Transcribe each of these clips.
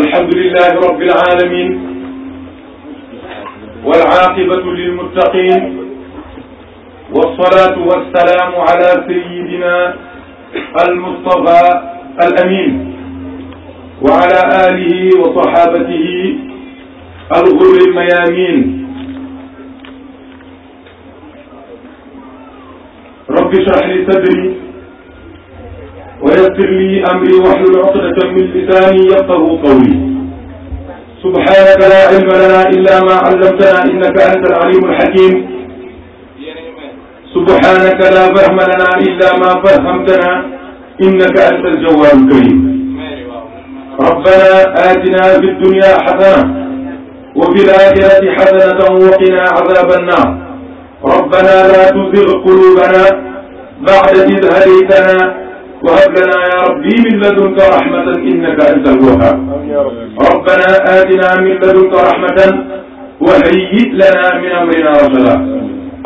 alhamdulilahi rabbil alamin walaqibatu lilmuttaqin wassalatu wassalamu ala sayidina almustafa alamin wa ala alihi wa sahabatihi alghurri almayamin rabbi shrah li sadri wa yassir li amri wahlul uqdatan min lisani yafqahu qawli subhanaka la ilma lana illa ma allamtana innaka anta al-alimu al-hakim subhanaka la fahma lana illa ma fahamtana innaka anta al-jawwadu al-karim rabbana atina fi dunya hasana wa fi l-akhirati hasanatan wa qina adhaba an-nar rabbana la tuzigh qulubana ba'da idh hadaytana وهب لنا يا ربي من لدنك رحمة إنك أنت الوهاب ربنا آتنا من لدنك رحمة وهيئ لنا من أمرنا رشدا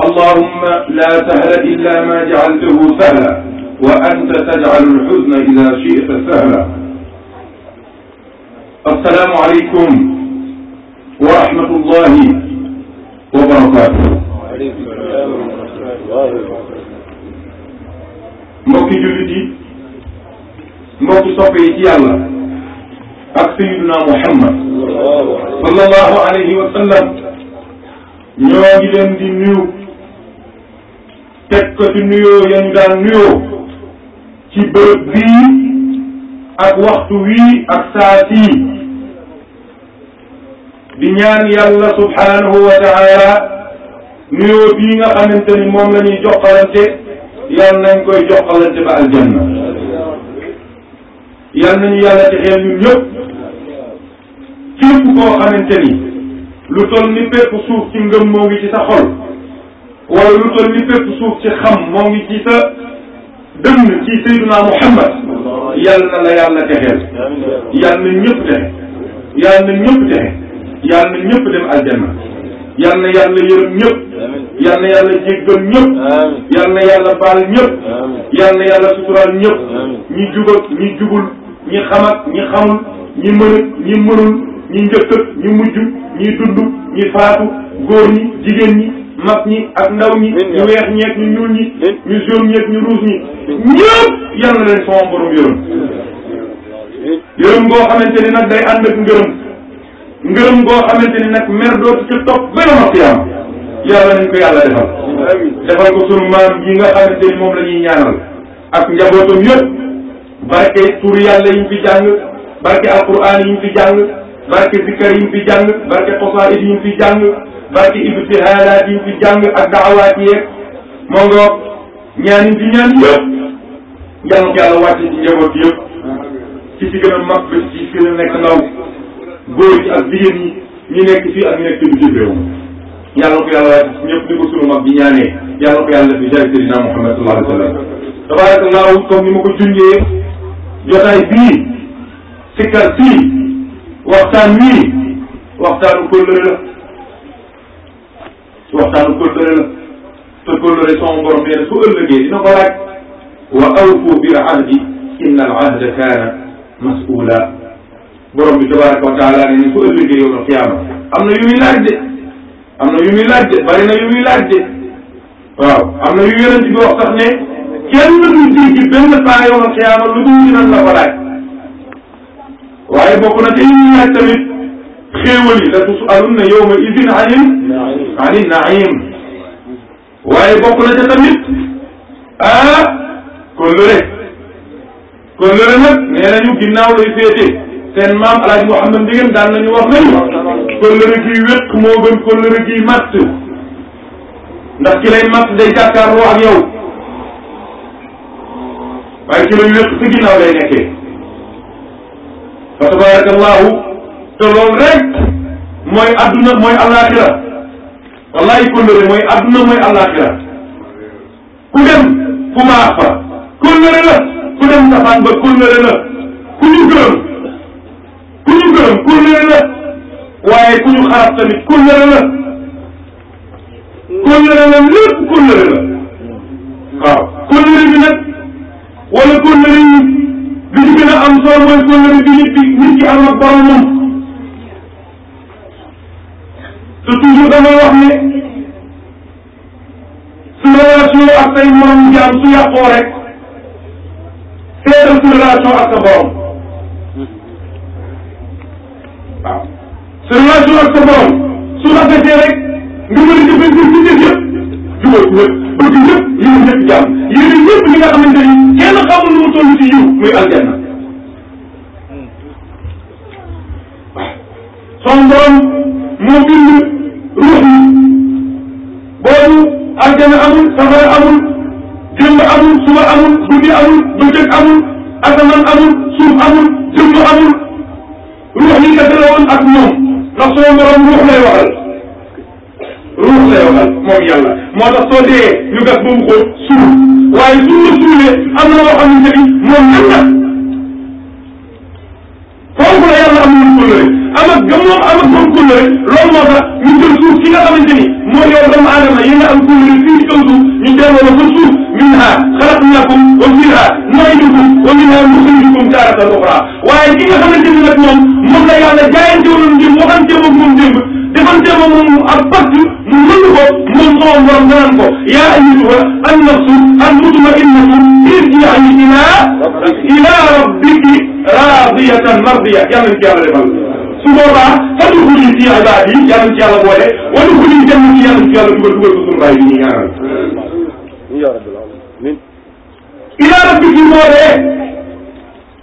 اللهم لا سهل إلا ما جعلته سهلا وأنت تجعل الحزن إذا شئت سهلا السلام عليكم ورحمة الله وبركاته وعليكم السلام ورحمة الله وبركاته mbokki jullit yi mbokk soppe yi ci yàlla ak sayiduna muhammad sallallahu alayhi wa sallam ñoo ngi leen di nuyu teg ko ci nuyoo yañu daan nuyoo ci bërëb bii ak waxtu wii ak saa sii di ñaan yàlla subhanahu wa taala nuyoo bii nga xamante ni moom la ñuy joxalante yàlla nañ koy joxalante ba aljanna yal nañu yàlla texeel ñun ñëpp képp koo xamante ni lu toll ni pépp suuf ci ngëm moo ngi ci sa xol wala lu toll ni pépp suuf ci xam moo ngi ci sa dënn ci Seydina Muhammad yal na la yàlla texeel yal na ñëpp texe yal na ñëpp texe yal na ñëpp dem aljanna yal na yàlla yërëm ñëpp yal na yàlla jéggal ñëpp yal na yàlla baal ñëpp yal na yàlla suturaal ñëpp ñi jub ak ñi ñi xam ak ñi xamul ñi mën ñi mënul ñi njëkk ñi mujj ñi dund ñi faatu góor ñi jigéen ñi mag ñi ak ndaw ñi. ñu weex ñeeg ñu ñuul ñi. ñu jaune ñeeg ñu rouge ñi. ñëpp yal na leen sama borom yërëm. yërëm goo xamante ni nag day ànd ak ngërëm. ngërëm goo xamante ni nag mer dootu ca topp ba yoma qiyaama yàlla nañ ko yàlla defal. defal ko sunu maam yi nga xamante ni moom la ñaanal. ak njabootam yëpp. barke tur yàlla yi ñu fi jàng barke alquran yi ñu fi jàng barke zikkar yi ñu fi jàng barke xasaid yi ñu fi jàng barke ibtihaalaat yi ñu fi jàng ak daawaat yeeg moo ngoog ñaan yi fi ñaan yëpp yàlla ko yàlla wàcce ci njaboot yëpp ci ci gën a mag ba ci gën a nekk ndaw góor yi ak jigéen ñi ñu nekk fii ak ñu nekk ci bitim réew yàlla ko yàlla wàcce ci ñëpp ni ko sunu mag bi ñaanee yàlla ko yàlla def bi jaay Seydina Muhammad sallallahu alayhi wa sallam tabarakallahu comme ni ma ko junjee jotaay bii sikkar sii waxtaan wii waxtaanu kóllëre la waxtaanu kóllëre la te kóllëre sama borom nee na su ëllëgee dina ko laaj wa awfu bil ahdi inna al ahda kaana mas'uula borom bi tabaraka wa taala nee na su ëllëgee yow na xiyaama am na yu muy laaj de am na yu muy laaj de bari na yu muy laaj de waaw am na yu yonent bi wax sax ne kenn duñ dégg benn paa yow ma xiyaama lu dul dinañ la ko laaj waaye bokk na te ñu laaj tamit xéewal yi la tusalunna yawma idin anin anin naim waaye bokk na te tamit ah kóllëre kóllëre nag nee nañu ginnaaw lay féete seen maam El Hadj Mouhamed Ndieguène daan nañu wax nañu kóllëre gi wéq moo gën kóllëre gi matt ndax ki lay matt day jàkkaarloo ak yow. ci lañ lépp ci ginnaaw lay nekkee fa tabaraka allahu te loolu rek mooy adduna mooy alaxira wallahi kóllëre mooy adduna mooy alaxira ku dem ku maax fa kóllëre la ku dem safaan ba kóllëre la ku ñu gërëm ku ñu gërëm kóllëre la waaye ku ñu xarab tamit kóllëre la kóllëre la lépp kóllëre la waaw kóllëre bi nag wala kóllëre yi li ci gën a am solo mooy kóllëre bi nit bi nit ki am ak boromam te toujours damay wax ne su relation ak say morom jaam su yàqoo rek seetal su relation ak sa borom waaw su relation ak sa borom su rafetee rek nga mën a jëfandikoo ci jëf yëpp jubal ñëpp bëgg ñëpp yéen ñëpp jàmm yéen li nga xamante ni kenn xamul lu mu toll ci yiw muy aljanna son borom moo bind ruux yi boobu aljanna amul safara amul démb amul suba amul guddi amul bëccëg amul asamaan amul suuf amul jëmm amul ruux yi kese la woon ak ñoom ndax son borom ruux lay waxal ruux la yombal moom yàlla moo tax soo dee ñu gas ba mu xóot suul waaye suñ la suulee am na loo xamante ni moom ñan na kooku la yàlla am na lu kóllëre am ak gëm moom am ak moom kóllëre loolu moo tax ñu jël suuf ki nga xamante ni mooy yow doomu aadama yi nga am kóllëre fii ci kaw suuf ñu delloo la fa suuf minha xalaqnaakum wa fiha nu'iidukum wa minha nuxrijukum taaratan uxraa waaye ki nga xamante ni moom moom la yàlla jaayante woon ngir waxante moom moom démb defante ma moom ak pacte mu mën ko moom sama borom danaan ko yaa ayyatuha an nafsu al mutmainnatu irji'i ila ila rabbiki radiyatan mardiya yàlla ci yàlla defal su boobaa fadxuli fi ibaadi yàlla ci yàlla boole wadxuli jannati yàlla ci yàlla dugal dugal ko suñu baay bi ñuy ñaanal ila rabbiki boole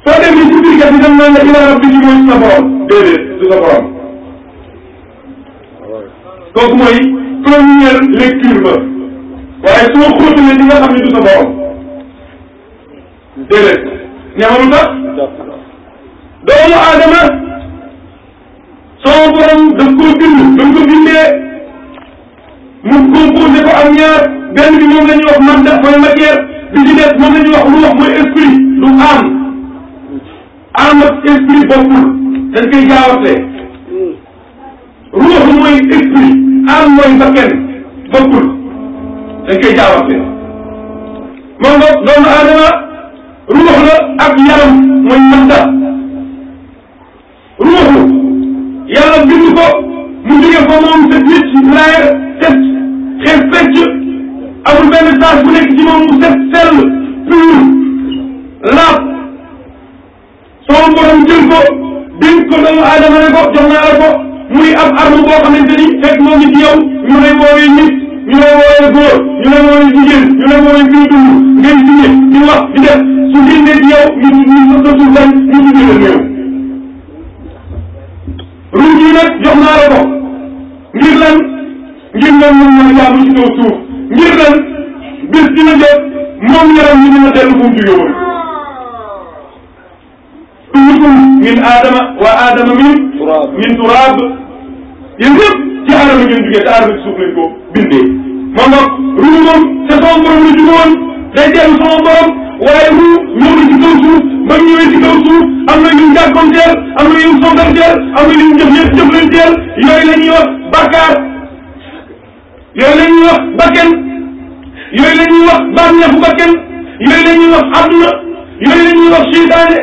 soo demee ci biir kat yi dem naa la ila rabbiki mooy sa borom déedéet du sa borom kooku mooy première lecture ba waaye su ma xóotalee di nga ne du sa borom déedéet ne ma lu tax doomu aadama sama borom daf koo bind daf ko bindee mu composé ko am benn bi moom la ñuy wax madda mooy bi ci des moom la ñuy wax mooy esprit lu am am ak esprit bokkul dañ koy jaawatee ruux mooy esprit am mooy bakken bokkul dañ koy jaawante moom nga doomu aadama ruux la ak yaram mooy manta ruuxu yàlla bind ko mu jóge fa moom set nit layer set xees fecc amul benn taas bu nekk ci moom mu set sell pur laab sama borom jël ko dénk ko doomu aadama ne ko jox naa la ko muy am arme boo xamante ni fekk moo ngi ci yow ñu lay woowee nit ñu lay woowee góor ñu lay woowee jigéen ñu lay woowee kuy dund ngay signé di wax di def su génnee ci yow ñu ñu sa sa suuf dañ ñu signé la néew. ruuj yi nag jox naa la ko ngir lan ngir lan moom mooy jaamu ci kaw suuf ngir lan bés dina jot moom yaram ñu dina dellu fu mu jógee woon. kullukum oh. min aadama wa aadama min min turaab yéen ñëpp ci aadama ngeen jugee te aadama ci suuf lañ ko bindee moo tax ruu moom te sama borom la jugoon day dellu sama borom waaye ruu ñëw na ci kaw suuf ba ñëwee ci kaw suuf am na ñu jàppanteel am na ñu soppanteel am na ñu jëf ñëpp jëflanteel yooyu la ñuy wax bakkaar yooyu la ñuy wax bakken yooyu la ñuy wax bànneexu bakken yooyu la ñuy wax adduna yooyu la ñuy wax seytaane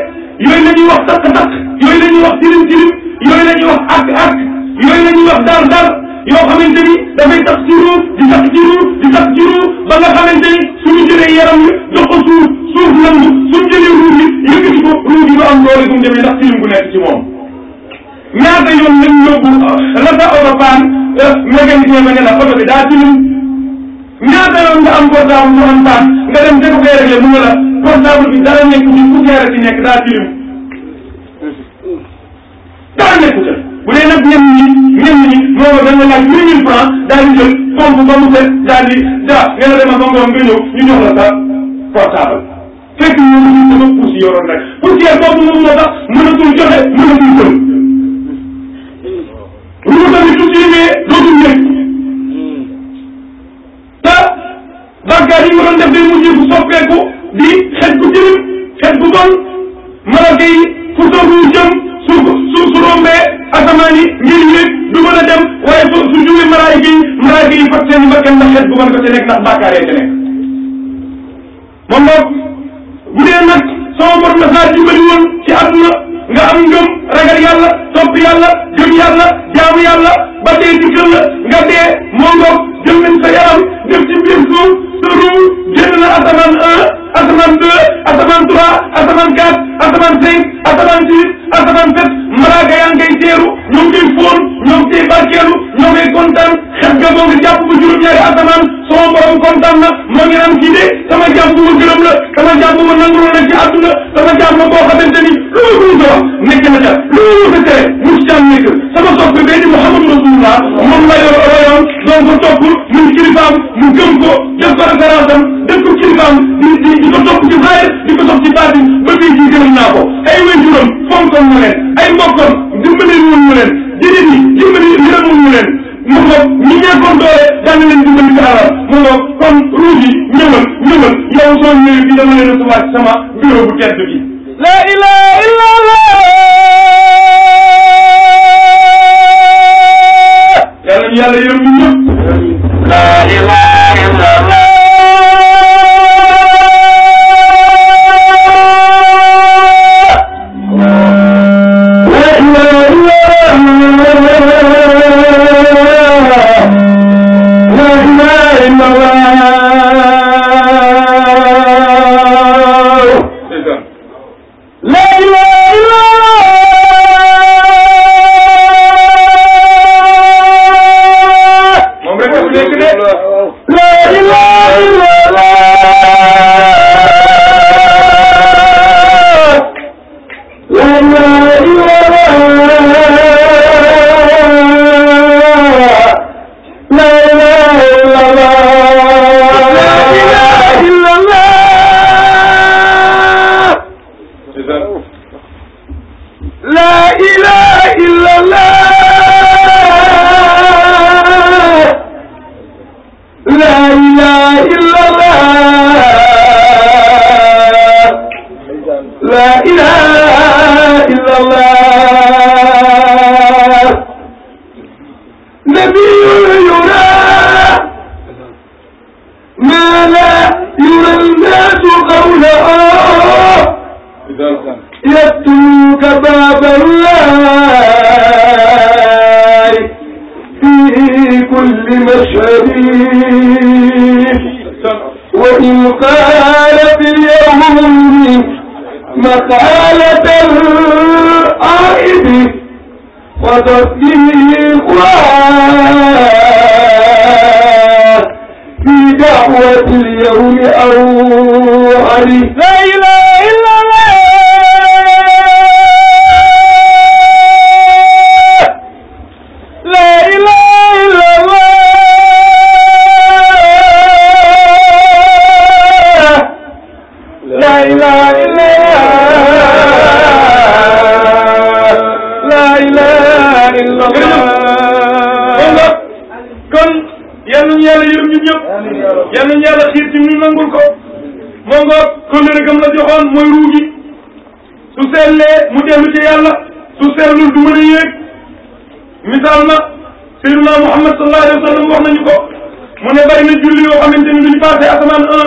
yooyu la ñuy wax takk takk yooyu la ñuy wax tilim tilim yooyu la ñuy wax ak ak yooyu la ñuy wax dar dar yoo xamante ni dafay tax ci ruuf di tax ci ruuf di tax ci ruuf ba nga xamante ni suñu jëlee yaram wi jox ko suuf suuf nangu suñu jëlee ruuf bi yëkkati ko ruuf bi du am doole bu mu demee ndax tilim bu nekk ci moom. ñaata yoon lañ yóbbu euh, la sa oto paan euh, mécanicien ba ne la oto bi daa tilim ñaata yoon nga am portable mu am paan nga dem dëkk koy réglé mu ne la portable bi dara nekk ci poussière ci nekk daa tilim dara nekk ca. bu dee nag ñenn ñi ñenn ñi loolu dañ la laaj huit mille franc daal di jël pomp ba mu set daal di daa nga ne demal ba ngoon nga ñëw ñu jox la sa portable fekk ñoom ñu sama pousse yoroon rek poussière boobu moom moo tax mënatul joxe mënatul jël lu ko tamit su siimee dootul yëg te bàkkaar yi nga doon def day mujjee bu soppeeku di xet bu jëriñ xet bu bon malaka yi fu soog ñu jëm suuf suuf su rombee asamaan yi ngir yéeg du mën a dem waaye su su jógee malaayika yi malaayika yi fat seen bakkan ndax xet bu mën ko ci nekk ndax bàkkaar yee ci nekk nga am ngëm ragal yàlla topp yàlla gëm yàlla jaamu yàlla ba dee ci kër nga dee moo ngoog jël nañ sa yaram def ci biir suuf sa ruu na asamaan un asamaan deux asamaan trois asamaan quatre asamaan cinq asamaan six asamaan fépp malaaka yaa ngay teeru ñoo ngi koy fóon ñoo ngi koy barkeelu ñoo ngay kontaan xet ga boobu jàpp bu juróom na ma kii de sama jàpp ma gërëm la sama jàpp ma nangul la ci àdduna sama jàpp ma boo xamante ni lu ma gën a wax nekk na ca lu ma gën a tere mu ci am nekk sama soppe bee di Muhammad Rasulullah moom la yor royoon doon ko topp muy kilifaam mu gëm ko def ko référence am def ko di ko topp ci di ko topp ci fonkoon na leen ay mbokkam dimbali woon na leen jëriñ yi dimbali yërëm woon na leen mu ngoog ñi ñeekoon doole daan leen dimbali sa alal mu ngoog kon ruuj yi ñëwal ñëwal yow soo ñëwee bi dama leen recevoir sama bureau bu tedd bi la ilaha illa allah yàlla yàlla yërëm ما لا يرى الناس قولها يتلوك باب الله في كل مشهد وإن قالت اليهود مقالة العائد وتصديقها بدعوة اليوم أو علي لا إله إلا mën a yéeg misaal na Seydina Muhammad sallallahu alayhi mu ne bari na julli yoo xamante ni duñ passé asamaan un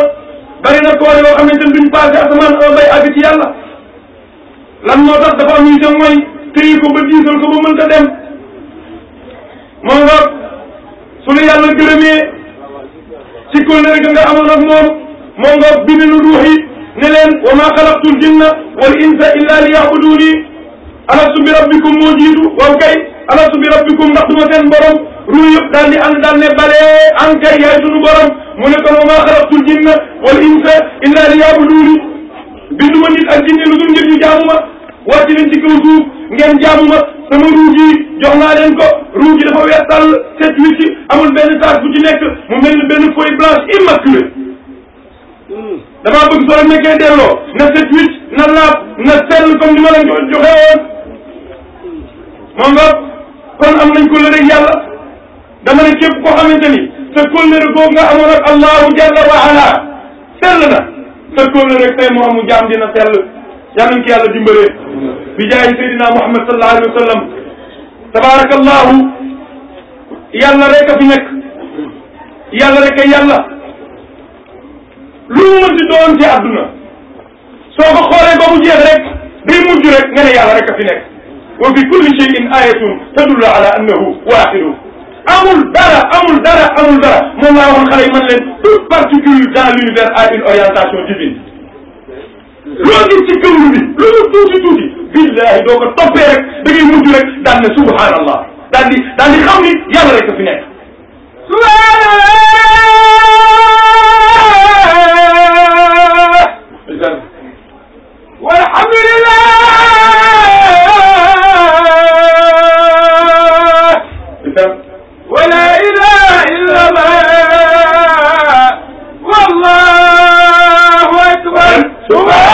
bari na koor yoo xamante ni duñ passé bay àgg ci yàlla lan moo am ñu ca mooy téye ko ba diisal ko ba dem moo nga su la yàlla gërëmee ci kóllëre ga nga amoon ak moom moo nga bindu ruux yi ne leen wa ma xalaqtul jinna wal insa illa li yaabuduuni alastu bi rabbikum moo jiitu waaw kay alastu bi rabbikum ndax duma seen borom ruu yëpp daal di ànd daal ne balee an kay yaay sunu borom mu ne kon wa maa xalaqtul jinna wal insa illa liyabuduuni binduma nit ak jinne lu dul ngir ñu jaamu ma wàcc leen ci kaw suuf ngeen jaamu ma sama ruu gi jox naa leen ko ruu dafa weex tàll set wicc amul benn tache bu ci mu mel benn feuille blanche immaculée hmm. damaa bëgg soo leen nekkee delloo na set wicc na laab na sell comme ni ma leen ko nga kon am nañ kóllëre ak yàlla dama ne képp koo xamante ni sa kóllëre googu nga amoon ak allahu jalla wa ala sell na sa kóllëre ak say moroomu jaam dina sell yal nañ ko yàlla dimbalee bi jaay sayidina muhammad sallallahu alayhi wa tabaarakallahu yàlla rek a fi nekk yàlla rek a yàlla lu mu mën di doon ci àdduna soo ko xoolee ba mu jeex rek day rek nga ne yàlla rek a fi nekk wa fi kulli shay'in ayatun tadullu ala amul dara amul dara amul dara moom laa waxoon xale yi man l'univers a une orientation divine loo gis ci gëwlu lu mu tuuti tuuti billahi doo ko toppee rek da rek daan ne subhanallah di daan di xam Suba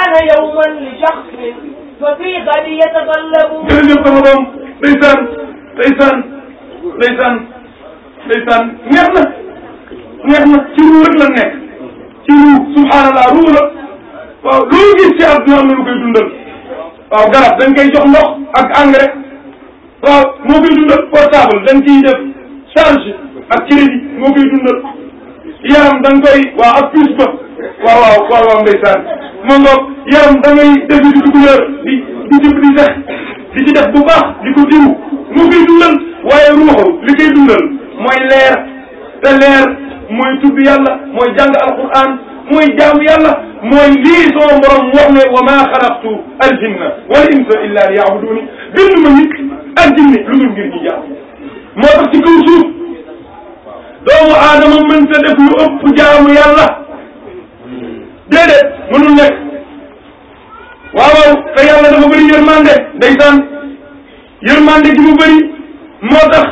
kaana yawman li shaxsin fa fii xadi yatagallabu jërëjëf sama doom ndeysaan ndeysaan ndeysaan ndeysaan neex na neex na ci ruu rek la nekk ci ruu subhaanallah ruu la waaw gis ci àdduna na lu koy dundal waaw garab dañ jox ndox ak engrais waaw moo koy dundal portable dañ ciy charge ak crédit moo koy dundal yaram da waa koy waaw ak puus ba waaw waaw waaw waaw ndeysaan ma ngoog yaram da di dugaleur di di jëf di def di ci def bu baax di ko diw mu koy dundal waaye ruuxu li koy dundal mooy leer te leer mooy tudd yàlla mooy jàng alquran mooy jaamu yàlla mooy lii sama borom wax ne wa ma xalaqtu aljinna wal insa illa liya'buduni bind ma nit ak jinni lu dul ngir ñu jaamu moo tax ci kaw suuf doomu aadama mënta def lu ëpp jaamu yàlla déedéet mënul nekk waaw waaw te yàlla dafa bëri yërmande ndeysaan mu bëri moo tax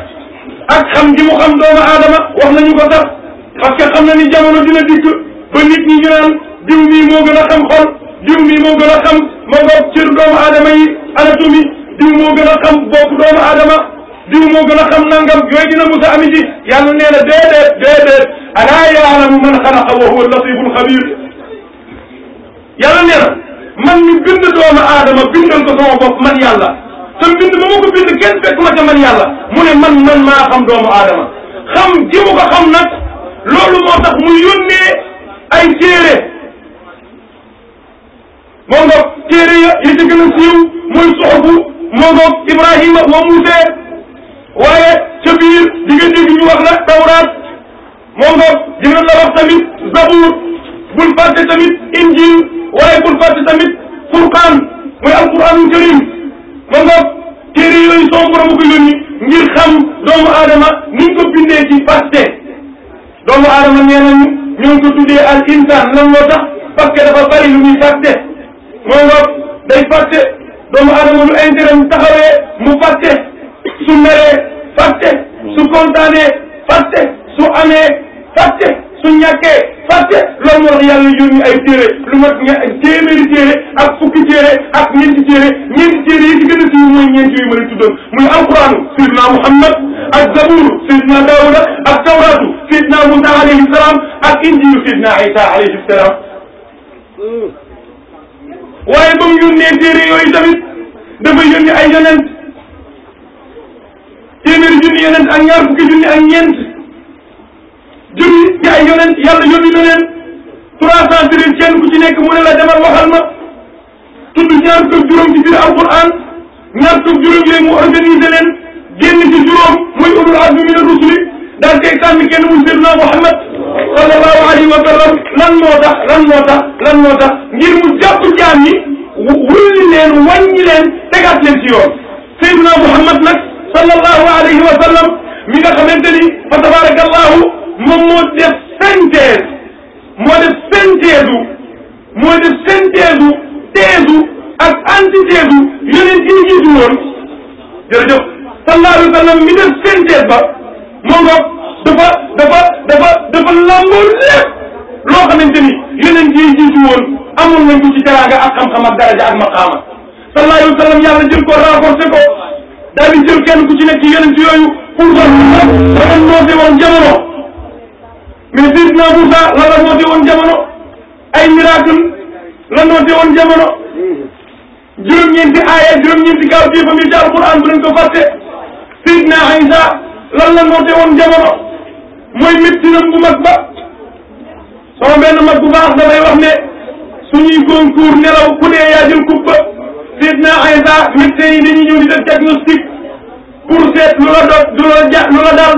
ak xam gi mu xam doomu aadama wax nañu ko sax parce que xam na ni jamono dikk ba nit ñi ñu naan diw mii moo gën a xam xol diw mii moo gën xam ma bopp cër doomu aadama yi anatomie diw moo gën a xam bopp doomu aadama diw moo gën a xam nangam yooyu dina mos a ami ji yàlla nee na déedéet déedéet alaa yaalamu man xalaqa wa huwa latiful xabir yàlla nee na man mi doomu aadama bindal ko sama man yàlla te mbind ma ma ko bind kenn fekk man yàlla mu ne man maa xam doomu aadama xam ji mu ko xam nag moo tax mu yónnee ay téere moo ngoog téere yi ci gën a siiw moo ngoog Ibrahima wa Moussa waaye ca biir di nga dégg ñu wax la tawraat moo nga dina la wax tamit zabuur bul fàtte tamit injil waaye bul fàtte tamit furqaan muy alquranul karim moo nga téere yooyu son borom ko yónni ngir xam doomu aadama ni ñu ko bindee ci fàtte doomu aadama nee nañu ñoo ngi ko tuddee al insaan lan moo tax parce que dafa bari lu muy fàtte moo nga day fàtte doomu aadama lu intérêt mu taxawee mu fàtte su meree fàtte su kontaanee fàtte su amee fàtte su ñàkkee fàtte loolu moo tax yàlla ay téere lu mat ña téeméeri ak fukki téere ak ñeenti téere ñeenti téere yi ci gën a siiw mooy ñeenti yu ma la tuddoon Muhammad ak zaburu sayidna Daawuda ak tawraatu sayidna Musa alayhi salaam ak injilu sayidna Isa alayhi salaam waaye ba mu yooyu tamit dafa ay yonent téeméeri junni yonent ak ñaar fukki junni ak ñeent junni yonent yàlla yóbbi na trois cent kenn ku ci nekk mu ne la demal waxal ma tudd ñaar fukk juróom ci biir alquran ñaar fukk juróom yooyu mu organisé leen génn ci juróom muy ulul azmi min rusuli daal koy sànni kenn muy Seydina Muhammad sallallahu alayhi wa sallam lan moo tax lan moo tax lan moo tax ngir mu jàpp jaam yi wulli leen wàññi leen tegaat sallallahu alayhi wa sallam mi nga xamante ni fa tabarakallahu moom moo def synthèse moo def synthèse moo def synthèse thèse ak antithèse yeneen yi ñu jiitu woon jërëjëf sallallahu alayhi wa sallam mi def synthèse ba moo nga dafa dafa dafa dafa làmboo lépp loo xamante ni yeneen yi jiitu woon amul nañ ko ci teraanga ak xam-xam ak daraja ak maqaama sallallahu alayhi wa sallam yàlla jël ko renforcé ko daal di jël kenn ku ci nekk ci yonent yooyu Moussa la doon noote woon jamono mais Sidna Moussa la la noote woon jamono ay miracle la noote woon jamono juróom-ñeenti aaya juróom-ñeenti kaw téefam yi ci alquran bu nañ ko fàtte Sidna Isa lan la noote woon jamono mooy méttinam bu mag ba sama benn mag bu baax dafay wax ne suñuy concours nelaw ku dee yaa jël coupe Seydina Aïssa médecins yi dañuy ñëw di def diagnostic pour seet lu la doon lu la ja lu la daal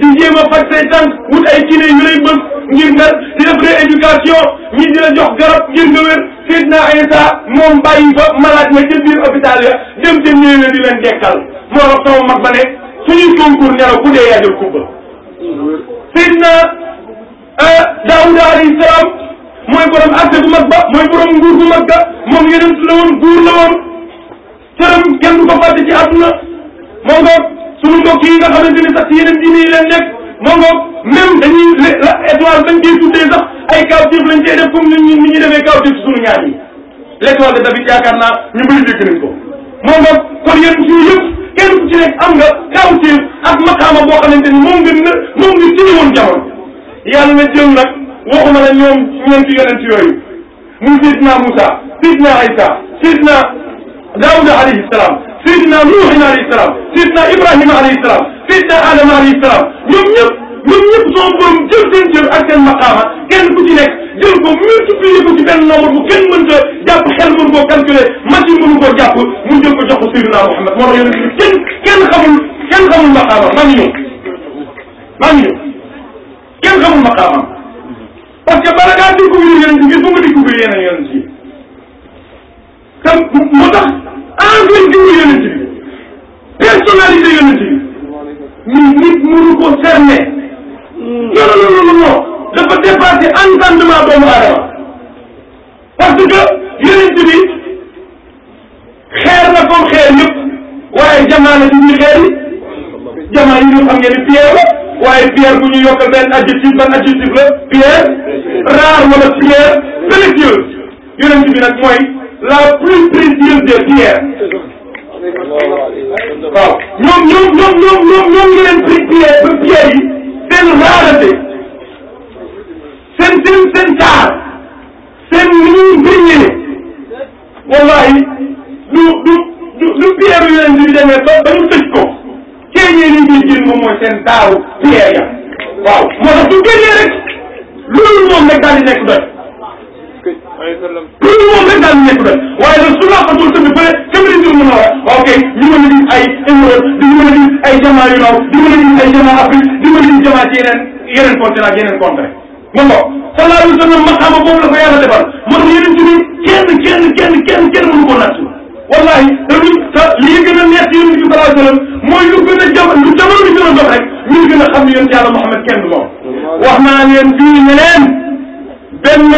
di jéem a faj say tànk wut ay kiné yu lay bëgg ngir nga di def rééducation ñi di la jox garab ngir nga wér Seydina Aïssa moom bàyyi ba malade ma ca biir hôpital ya dem te ñëwee la di leen dekkal moo tax sama a ba ne suñuy concours nelaw ku dee yaa jël kubba Seydina euh, Daouda alayhi salaam mooy borom accès bu mag ba mooy borom nguur bu mag ba moom yeneen la woon nguur la woon cëram kenn du ko fàtte ci àdduna moo ngoog sunu mbokk yi nga xamante ni sax ci yeneen diine nekk moo ngoog même dañuy la étoile bañ koy tuddee sax ay kawtif lañ cay def comme ni ñu ni ñu de David yaakaar naa ñu bëri dégg nañ ko moo ngoog kon yéen suñu yëpp kenn ku ci nekk am nga kawtif ak maqaama boo xamante ni moom moom nga téye woon jamono yàlla na jël nag waxuma la ñoom ñeenti yonent yooyu muy Seydina Moussa Seydina Aïssa Seydina Daouda alayhi salaam Seydina Nuuhin alayhi salaam Seydina Ibrahima alayhi salaam Seydina Adama alayhi salaam ñoom ñëpp ñoom ñëpp soo borom jël seen jël ak seen maqaama kenn ku ci nekk jël ko multiplier ko ci benn nombre bu kenn mënta jàpp xel mënu koo calculer machine mënu koo jàpp mu jël ko jox ko Seydina Mouhamed moo tax yonent kenn kenn xamul kenn xamul maqaama maa parce que bala ngaa découvrir yeneen bi il faut nga découvrir yeneen yeneen bi te moo tax envie jiwu yeneen bi personnalité yeneen bi ñun nit mënu ko cerner. non non non non dafa dépassé entendement doomu aadama parce que yeneen bi xeer na comme xeer yëpp waaye jamaane bi ñuy xeer yi. jamaa yi nga xam ngeen ni pierre la waaye pierre bu ñu yokk benn adjectif ban adjectif la pierre rare wala pierre précieuse yonent bi nag mooy la plus précieuse des pierres waaw ñoom ñoom ñoom ñoom ñoom ñoom ngeen pri pierre ba pierre yi seen rareté seen seen seen taar seen ni ñuy brillé wallahi du du géejee li ñuy jël moom mooy seen taaru pierre ya waaw moo tax bu géejee rek loolu moom rek daal nekk doy loolu moom rek daal di nekk doy waaye nag su laa fatul tamit bële tamit ñu mën a wax ok ñu mën a gis ay émeraude di mën a gis ay jamaa yu ndaw di mën a gis ay jamaa afrique di mën a gis jamaa ci yeneen yeneen continent ak yeneen contrée ma ko sallallahu alayhi wa sallam maqaama boobu la ko yàlla defal moo tax yeneen ci kenn kenn kenn kenn kenn mënu ko natt wallahi dañuy te lii gën a neex ci yonent bi sallallahu alayhi wa sallam mooy lu gën a jam lu jamono bi gën a dox rek ñuy gën a xam ne yonent yàlla Muhammad kenn du moom wax naa leen fii ne leen benn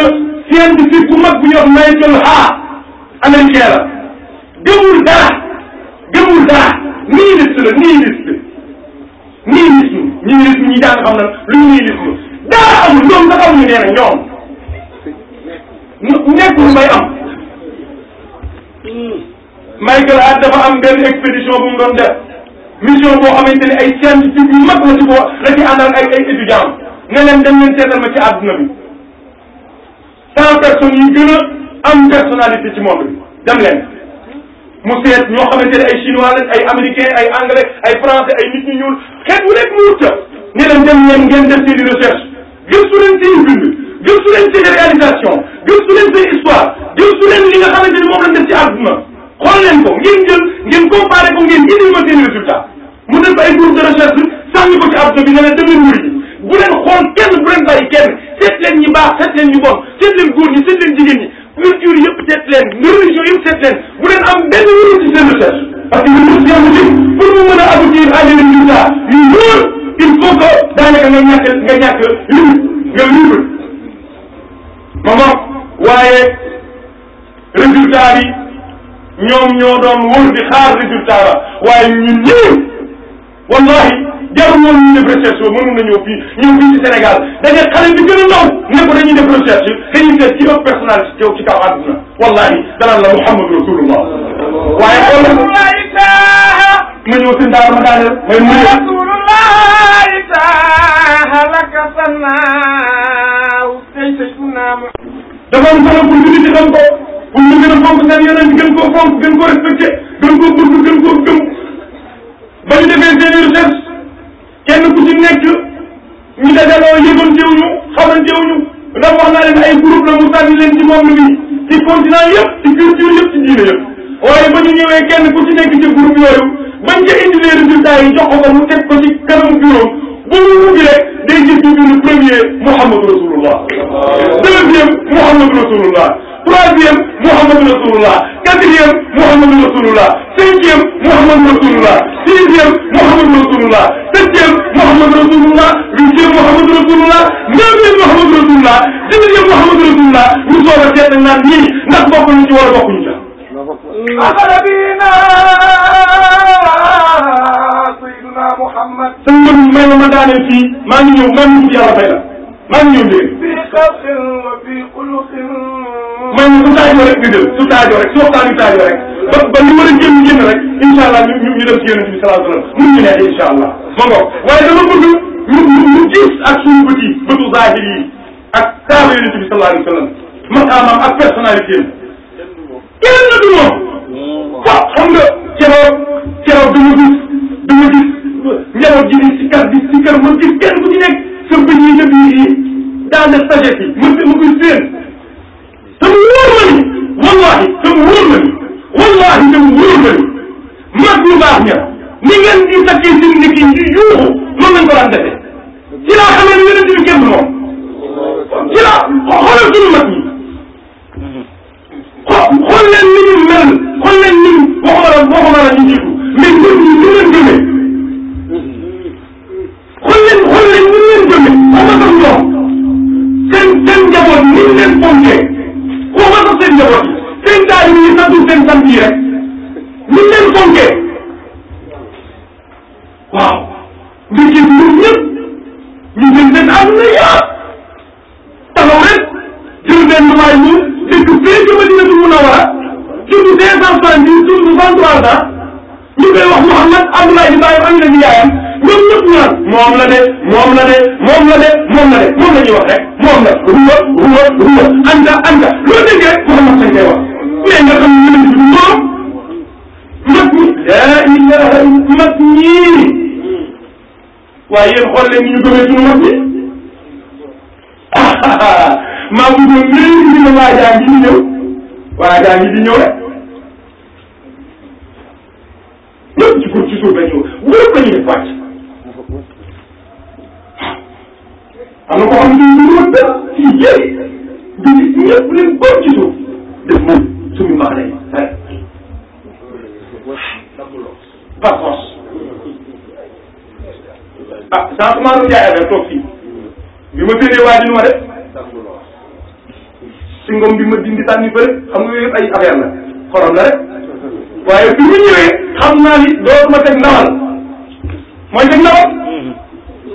scientifique bu mag bu ñuy wax Michael Ha américain la gëmul dara gëmul dara nihiliste la nihiliste nihilisme nihilisme ñi jàng xam na lu nihilisme dara amul ñoom sax amuñu nee na ñoom nekkul mbay am Michael Hart dafa am benn expédition bu mu doon def mission boo xamante ni ay scientifique yu mag la ci boo la ci àndal ay ay étudiants leen dem leen seetal ma ci àdduna bi cent personnes yi gën a am personnalité ci monde bi dem leen mu seet ñoo xamante ne ay chinois lañ ay américains ay anglais ay français ay nit ñu ñuul xeet wu nekk mu wut ca ne leen dem leen ngeen def seen i recherche gëstu leen seen bind gëstu leen seen réalisation gëstu leen seen histoire gëstu leen li nga xamante ni ci àdduna xool leen ko ngeen jël ngeen comparé ko ngeen indil ko seen résultat mu def ay groupe de recherche sànni ko ci abdo bi nga ne demee wuyu bu leen xool kenn bu leen bàyyi kenn seet leen ñi baax seet leen ñu bon seet leen góor ñi seet leen jigéen ñi culture yëpp seet leen religion yëpp seet leen bu leen am benn wóorul ci seen recherche. parce que ñun ñoo si amati pour mu mën a aboutir à des résultats yu wóor il faut que daanaka nga ñàkk nga ñàkk libre nga libre ma waaye résultat bi. ñoom ñoo doon wër di xaar résultat la waaye ñun ñëw wallahi jarul woon ñu def recherche ba mënoon na ñëw fii ñëw fii ci dañuy xale bi gën a ndaw ne ko dañuy def recherche dañuy seet ci ëpp personnalité teew ci kaw wallahi danaan la Muhammad rasulullah waaye xool ma ñëw si ndaar ma daaneel may pour ñu gën a fonk seen yonent gën koo fonk gën koo respecté gën koo gëm ba ñu defee seen i kenn ku ci nekk ñu dajaloo yëgantewuñu xamantewuñu ndax wax ay groupe la mu leen ci moom bi ci continent yëpp ci culture yëpp ci diine yëpp waaye ba ñu ñëwee kenn ku ci nekk ci groupe yooyu bañ ca indi les résultats yi jox ko mu teg ko ci kanamu bureau bu ñu ubbi day gis ñu bind premier Mouhamadou Rasulullah deuxième Mouhamadou Rasulullah troisième Mouhamadou Rasulullah quatrième Mouhamadou Rasulullah cinquième Mouhamadou Rasulullah sixième Rasulullah septième Mouhamadou Rasulullah huitième Rasulullah neuvième Mouhamadou Rasulullah dixième Rasulullah ñu soog a seet naan nii ndax bokk nañ ci wala bokkuñ ca. Sayyidina Muhammad. sëñ may ma ma daaneel fii maa ngi ñëw maa ngi dugg yàlla fay la maa may mu su taajoo rek nga jël su taajoo rek su waxtaanu taajoo rek ba ba li war a génn génn rek incha allah ñu ñu dem ci yonent bi sallallahu alayhi wasallam mun ñu neex incha allah ma ngoog waaye dama bëgg ñu ñu ñu gis ak suñu bët yi bëtu zahir yi ak saaba yonent bi sallallahu alayhi wasallam maqaamam ak personnalité yi kenn du moom waaw xam nga keroog keroog du ma gis du ma gis njaboot ji di si kar di si kar ma gis kenn ku ci nekk sa bëñ yi sa biir yi daane sagesse yi ne du ma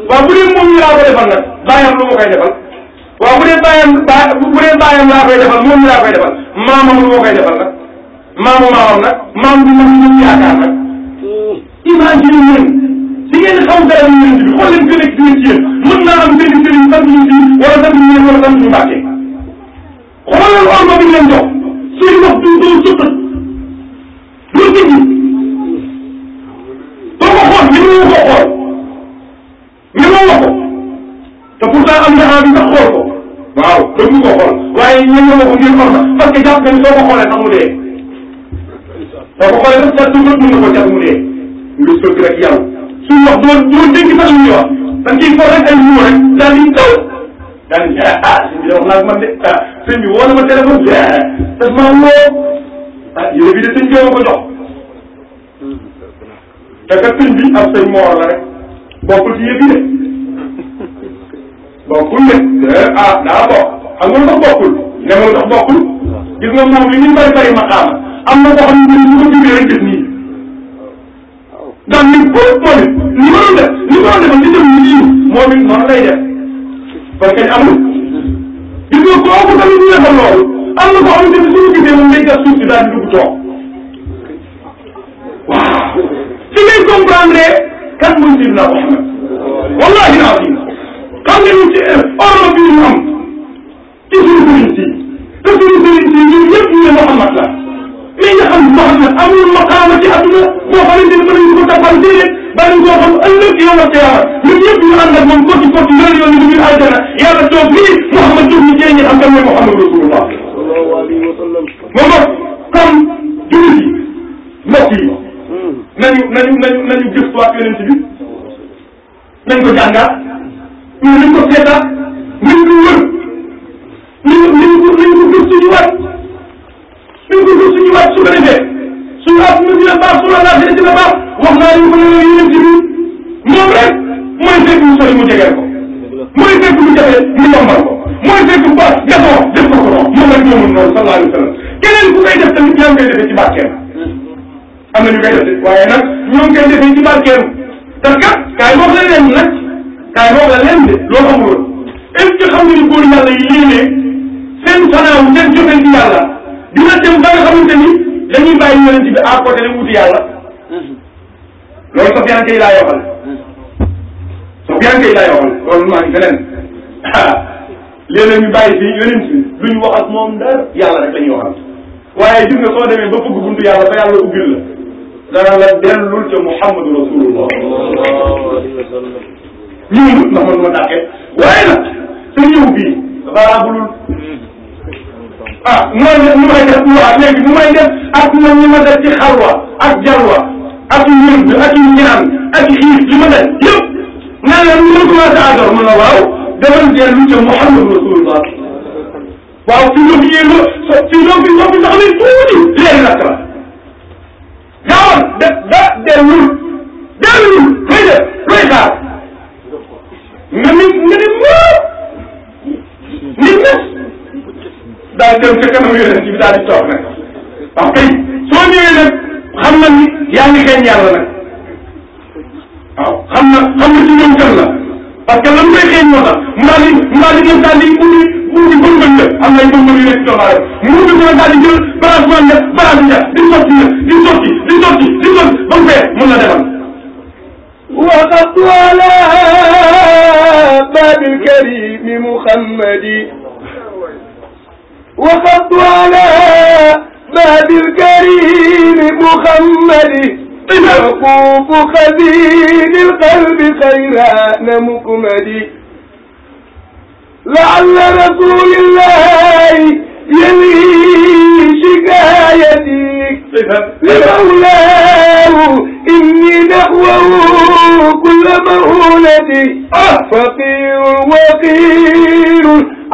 waaw bu dee moom ñu laa ko defal nag bàyyam lu ma koy defal waaw bu dee bàyyam ba bu dee bàyyam laa koy defal moom ñu laa koy defal maamam lu ma koy defal nag maamu maamam nag maam bi nag ñu yaakaar nag imagine yéen di ngeen xaw dara ñu leen bi xool leen gën a gën ci yéen mën naa am benn sëriñ sant ñu si wala sant ñu wala sant ñu mbàkke xoolal orma bi ngeen jox seen wax du doo sëqat doo tëgg doo ko xool li mu ko xool pourtant am jaxaa bi sax xool ko waaw dëgg ko xool waaye ña ñoo ko ngir xool parce que jàpp nañ soo ko xoolee sax mu dee soo ko xoolee sax cat du dund ko cat mu dee lu bëgg rek yàlla suñu wax doo doo dégg sax lu ñuy wax da ciy xool rek ay muu rek daal di taw daal di ah, ah sëñ bi de wax naa man de ah sëñ bi woo na ma téléphone ah, daf maa woo ah yéen bi de sëñ bi ko jox te kat sëñ bi ab sëñ moor la rek bokkul ci yëf yi de bokkul de ah daa bokk xam nga lu tax bokkul demal ndax bokkul gis nga moom li ñuy bari bari maqaama am na boo xam ne ñu ko jubee rek def nii ndax nit bu moom it li ma doon def li ma doon defal ci jëm nii moom it noonu lay def kon kañ amul gis nga kooku tamit ñu defal loolu am na boo xam ne suñu gisee moom day def suuf si daal di dugg toog waaw ci ngay comprendre kan mooy Seydina Muhammad wallahi naa Eh, xam nga ñu ci ci suñu sëriñ si te suñu sëriñ si ñun ñëpp ne Mouhamad ci adduna boo ne mën nañu ko taxal déedéet bàyyi ñu koo xam ëllëg yow la teewal ñun ñun nañ ko seetaat nañ ko wër nañ ko nañ ko nañ ko gëstuwaat nañ ko gëstuwaat su ko defee suñu àdduna dina baax suñu àllaaxira dina baax wax naa leen ko ne la yéen ci biir moom rek mooy fekk mu sori mu jegeel ko mooy fekk mu jafe mu yombal ko mooy fekk bu baax gasoo def ko ko noonu moom rek ñoo mën noonu sallallahu alayhi wa sallam keneen ku koy def tamit ñoo ngi koy defee ci barkeem am na ñu koy def waaye nag ñoo ngi koy defee ci barkeem te kat kaay wax na leen nag waaye moom la leen de loolu amul est ce que xam nga ni góor yàlla yi yéene seen fanaaw seen jotee ci yàlla dina dem ba nga xamante ni dañuy bàyyi yonent bi à côté dem wuti yàlla loolu Sofiane Gueye laa yoxal Sofiane Gueye laa yoxal loolu maa ngi feneen léeg-léeg ñu bàyyi fii yonent bi duñu wax ak moom dara yàlla rek la ñuy waxal waaye gis nga soo demee ba fëgg buntu yàlla ba yàlla ubbil la dana la dellul ca Muhammadu Rasulullah liiru ndax man ma dàqee waaye nag sa ñëw bii valableul ah mooy def ñu may def waaw léegi bu may def ak man ñi ma def ci xalwa ak jalwa ak yënd ak ñaan ak xiif li ma def yëpp naa leen mën a commencé àndor mën na waaw demal dellu ca Muhammad Rasulullah waaw philosophie yéen la so philosophie ndox mi sax lay tuuti léegi nag la gaawal da dellul dellul koy def koy xaar nga ne nga ne moom nit na daa dem ca kanam yonent bi daal di toog nag wax soo ñëwee nag xam na ni yaa ngi gañ yàlla nag waaw xam na xam na ci ñoom kan la parce que lan koy xëy moo tax mu daal di mu daal di jël daal di undi undi bëmbën la am nañ bëmbën yu nekk doomu aadama mu undi ko daal di jël barage bu ne barage bi di sotti di sotti di sotti di sotti ba mu fee mun na defal وقفت على باب الكريم محمد وقفت على باب الكريم محمد وقوف خزين القلب خيران مكمد لعل رسول الله يليه كفايتي لمولاه إني نحوه كل مهولتي فقير وقير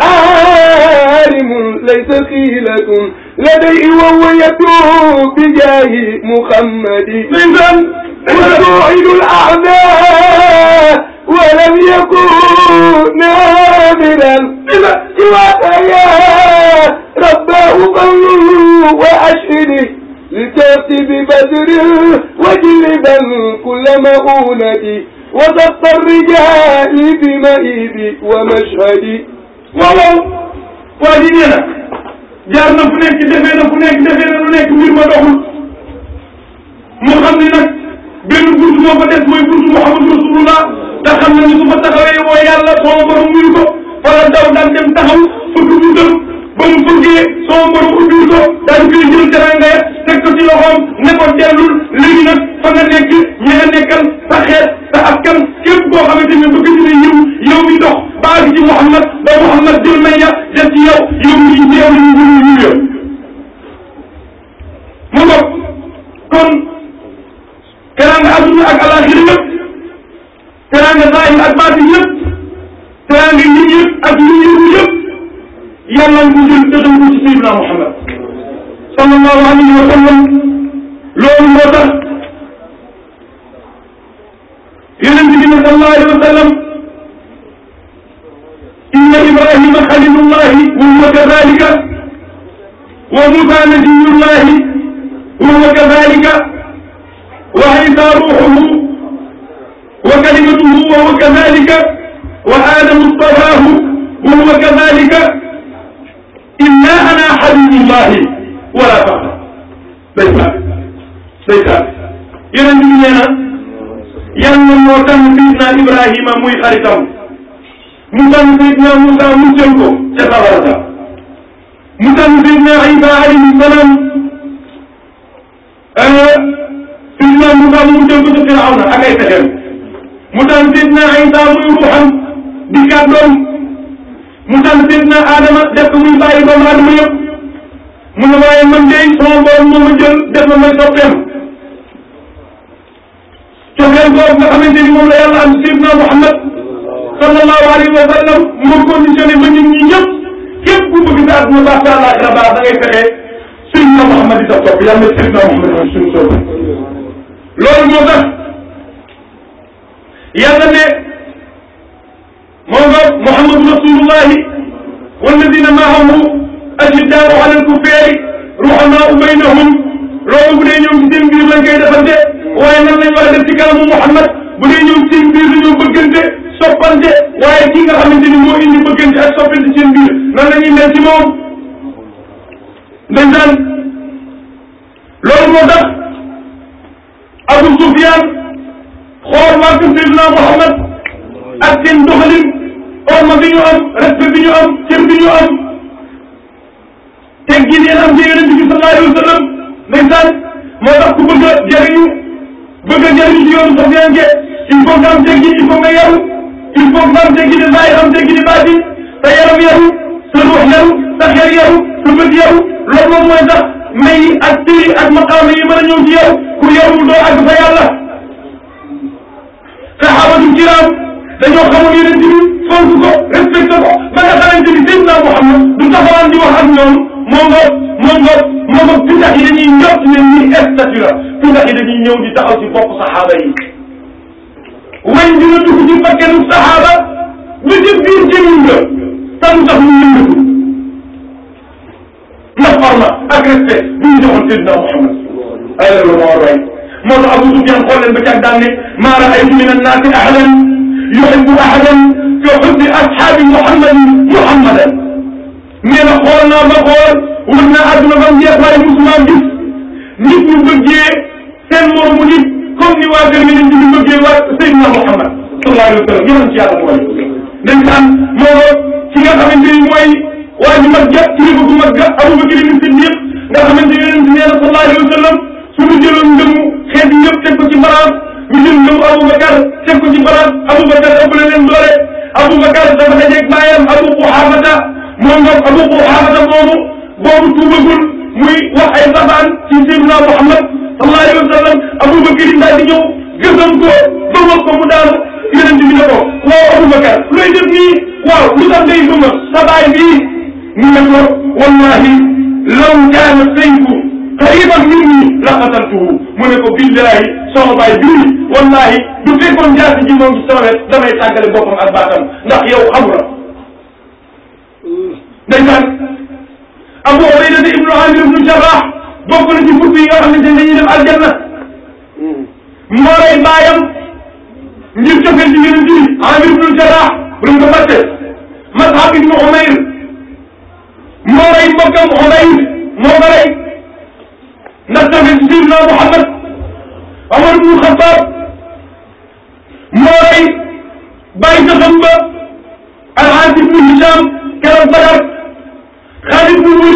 عالم ليس خيلة لدي وهو يتوب بجاه محمد من توعد الأعداء ولم يكن نادرا سوى رباه قوله وأشهده لتأتي ببدر وجلبا كل مؤونة وضبط الرجال بمئيب ومشهد waaw waa ji nee na jaar na fu nekk defee na fu nekk defee na lu nekk mbir ma doxul mu xam ne nag benn buntu moo fa des mooy buntu Muhammad Rasulullah te xam na ni su fa taxawee woo yàlla soo borom wuyu ko wala daw daan dem taxaw fëgg buntam kon bu bëggee sama mbor ubbil ko daal koy jël teranga teg ko ci loxoom ne ko dellul léegi nag fa nga nekk ñi nga nekkal sa xeet sa askan képp koo xamante ne bëgg dina yiw yow mi dox baagi ci Mouhamad ba Mouhamad jël may ya def ci yow yow mi ci teew ñu ñu ñu yow mu bopp kon teranga adduna ak alaxira yëpp teranga zahir ak baatin yëpp teranga nit yëpp ak nit yëpp yàlla ñu jël dëxëñ ko ci Seydina Muhammad sallallahu alayhi wa sallam loolu moo tax yonent bi ne sallallahu alayhi wa sallam inna Ibrahima xalilullahi wa huwa kadalika wa Musa nabiyullahi wa huwa kadalika wa Isa ruuxuhu wa kalimatuhu wa huwa kadalika wa Aadamu stafaahu wa huwa kadalika inna ana xabibullahi wala faxna ndeysaan ndeysaan yonent bi nee na yàlla moo tànn Seydina Ibrahima muy xaritam mu tànn Seydina Moussa mu jël ko ca sabarata mu tànn Seydina Isa alayhi salaam eh, Seydina Moussa mu jël ko ca Firawna ak ay pexeem mu tànn Seydina Isa muy ruuxam di kàddoom mu tànn Seydina Adama def ko muy bàyyi doomu Adama yëpp mu ne waaye man de sama borom moo ma jël def ma may soppeem cofeel boobu nga xamante ni moom la yàlla am Seydina Muhammad sallallahu alayhi wa sallam moo conditionné ba nit ñi ñëpp képp ku bëgg sa àdduna baax sa àllaaxira baax da ngay fexe Seydina Muhammad di sa sopp yàlla Seydina Muhammad mooy suñu sopp loolu moo tax yàlla ne moo nga Muhammadu rasulullahi walladina maahu ashiddaau ala alkuffaari ruhamaau baynahum loolu bu dee ñoom ci seen biir lañ koy defante waaye nan lañ war a def ci kanamu Muhammad bu dee ñoom seen biir dañoo bëggante soppante waaye ki nga xamante ni moo indi bëggante ak soppante seen biir nan la ñuy mel ci moom ndeysaan loolu moo tax Abu Sufyaan xool waa kër Seydina Muhammad ak seen doxalin orma bi ñu am respect bi ñu am cër bi ñu am teggin yéen am ci yonent bi sallallahu alayhi wa sallam ndeysaan moo tax ku bëgg a jariñu bëgg a jariñu ci yoonu sofiyanke il faut nga am teggin il faut nga yaru il faut nga am teggin zaahir am teggin baatin sa yaram yaru sa ruux yaru sa xel yaru sa bët yaru loolu moom mooy tax may yi ak tëri ak maqaama yi mën a ñëw ci yow ku yarul doo àgg fa yàlla saxaabatul kiraam dañoo xamul yeneen ci bi fonk ko respecté ko ba nga xamante ni Seydina Muhammad du taxawaan di wax ak ñoom moo nga moo nga moo nga yi dañuy njort ne nii statut la pitax yi dañuy ñëw di taxaw ci bopp saxaaba yi way dina dugg ci bakkenu saxaaba ñu ci biir jëmin nga tan tax ñu yëngatu ndax forma ak respect bi ñu joxoon Seydina Muhammad ay la moo roy moo tax Abu Sufyan xool leen ba càg daan ne maa raaytu min annaasi ahadan yuhibbu ahadan fi hubbi ashaabi muhammadin muhammadan nee na xool naa ba xool wër naa àdduna ba mu jeex waaye musulmaan gis nit ñu bëggee seen moromu nit comme ni waa kër yonent bi bëggee waa Seydina Muhammad sallallahu alayhi wa sallam yonent ci yàlla mooy ndeysaan moo ci nga xamante ni mooy waa ji mag ja kilifa gu mag ga Abubakar Siddiq nga xamante ni yonent nee na sallallahu alayhi wa sallam suñu jëloon ngëmu xeet yëpp teg ko ci balance ñu jël ngëmu Aboubacar teg ko ci balance Aboubacar ëpp na leen doole Aboubacar dafa dajeeg bàyyam Abu Quhaafata moom nga Abu Quhaafata boobu boobu tuubagul muy wax ay sabaan ci Seydina Muhammad sallallahu alayhi wa sallam Aboubacar daal di ñëw gësam ko dëmal ko mu daanu yeneen bi ne ko waaw Aboubacar looy def nii waaw lu tax day duma sa baay bii mu ne ko wallahi law kaana sayfu qariban minni mu ne ko billahi sama baay bii wallahi du fekkoon jaasi ji moo damay tàggale boppam ak baatam ndax yow xamu la ndeysaan ibnu Amir ibnu Jarrah bokk na ci fukk yi nga aljanna moo lay baayam ngir cofeel ci yonent Amir ibnu Jarrah buñ ko fàtte Mus'ab ibnu Umayr moo rey mbokkam Umayr moo ko rey ndax tamit Seydina Mouhamed Omar ibnu Xattaab moo rey bàyyi taxam ba Alxaaj ibnu Hisaam keroog Badar Xaalid ibnu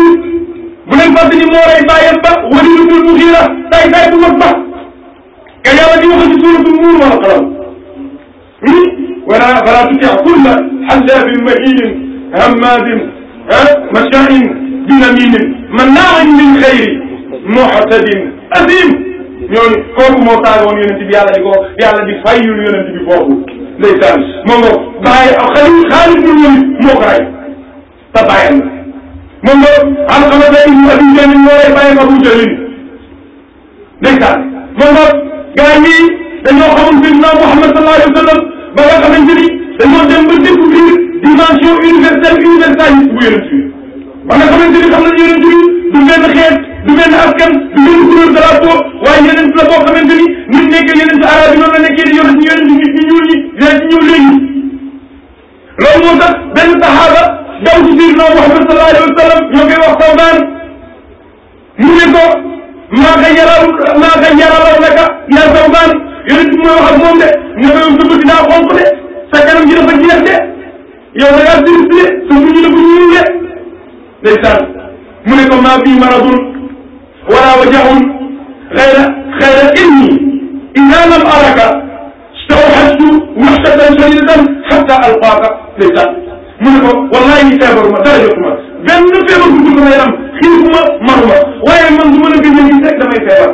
Waliid bu leen fàtte ni moo rey bàyyam ba Waliid ibnu Muxiira saay saay bu mag ba ka yàlla di wax ci suuratul Nuur wala xalam hmm? wala fala tuti kulla xallaabin mahiin hammaadin mashaa'in binamiimin mannaain lil xayri muhtadin azim ñooñu kooku moo saaga woon di ko yàlla di fayul yonent bi foofu ndeysaan moo nga bàyyi ak xali Xaalid bul Waliid moo ko la moom nga Alqamata ibnu Abi Jahlin moo rey bàyyam Abu Jahlin ndeysaan moom nga gaa ñi dañoo xamul Seydina Muhammad sallallahu alayhi wa sallam ba nga xamante ni dañoo dem ba découvrir dimension bu yonent bi ba nga xamante ni xam nañ yonent du benn askan du benn couleur drapeau waaye yeneen la boo xamante ni nit nekk yeneen sa arab yi noonu la nekkee di yonent ñi yonent nit ñu ñuul ñi dina ci ñëw léegi loolu moo tax benn saxaaba daw ci biir noo Muhammad sallallahu alayhi wa sallam ñoo koy wax Sawbaan mu ne ko maa ko yaral maa ko yaralaw naka yaa Sawbaan yonent bi mooy wax ak moom de nga koy sa bët daa xonq de sa kanam gi dafa jeex de yow da ngaa dirisle sa mujj dafa ñuul de ndeysaan mu ne ko maa bii maradun ولا وجع غير غير إني إذا لم أرك استوحشت وحشة شديدة حتى ألقاك لذلك mu ne ko wallaahi feebaruma dara jotuma benn feebar bu dul may am xiifuma maruma waaye man du ma la gëj a gis rek damay feebar.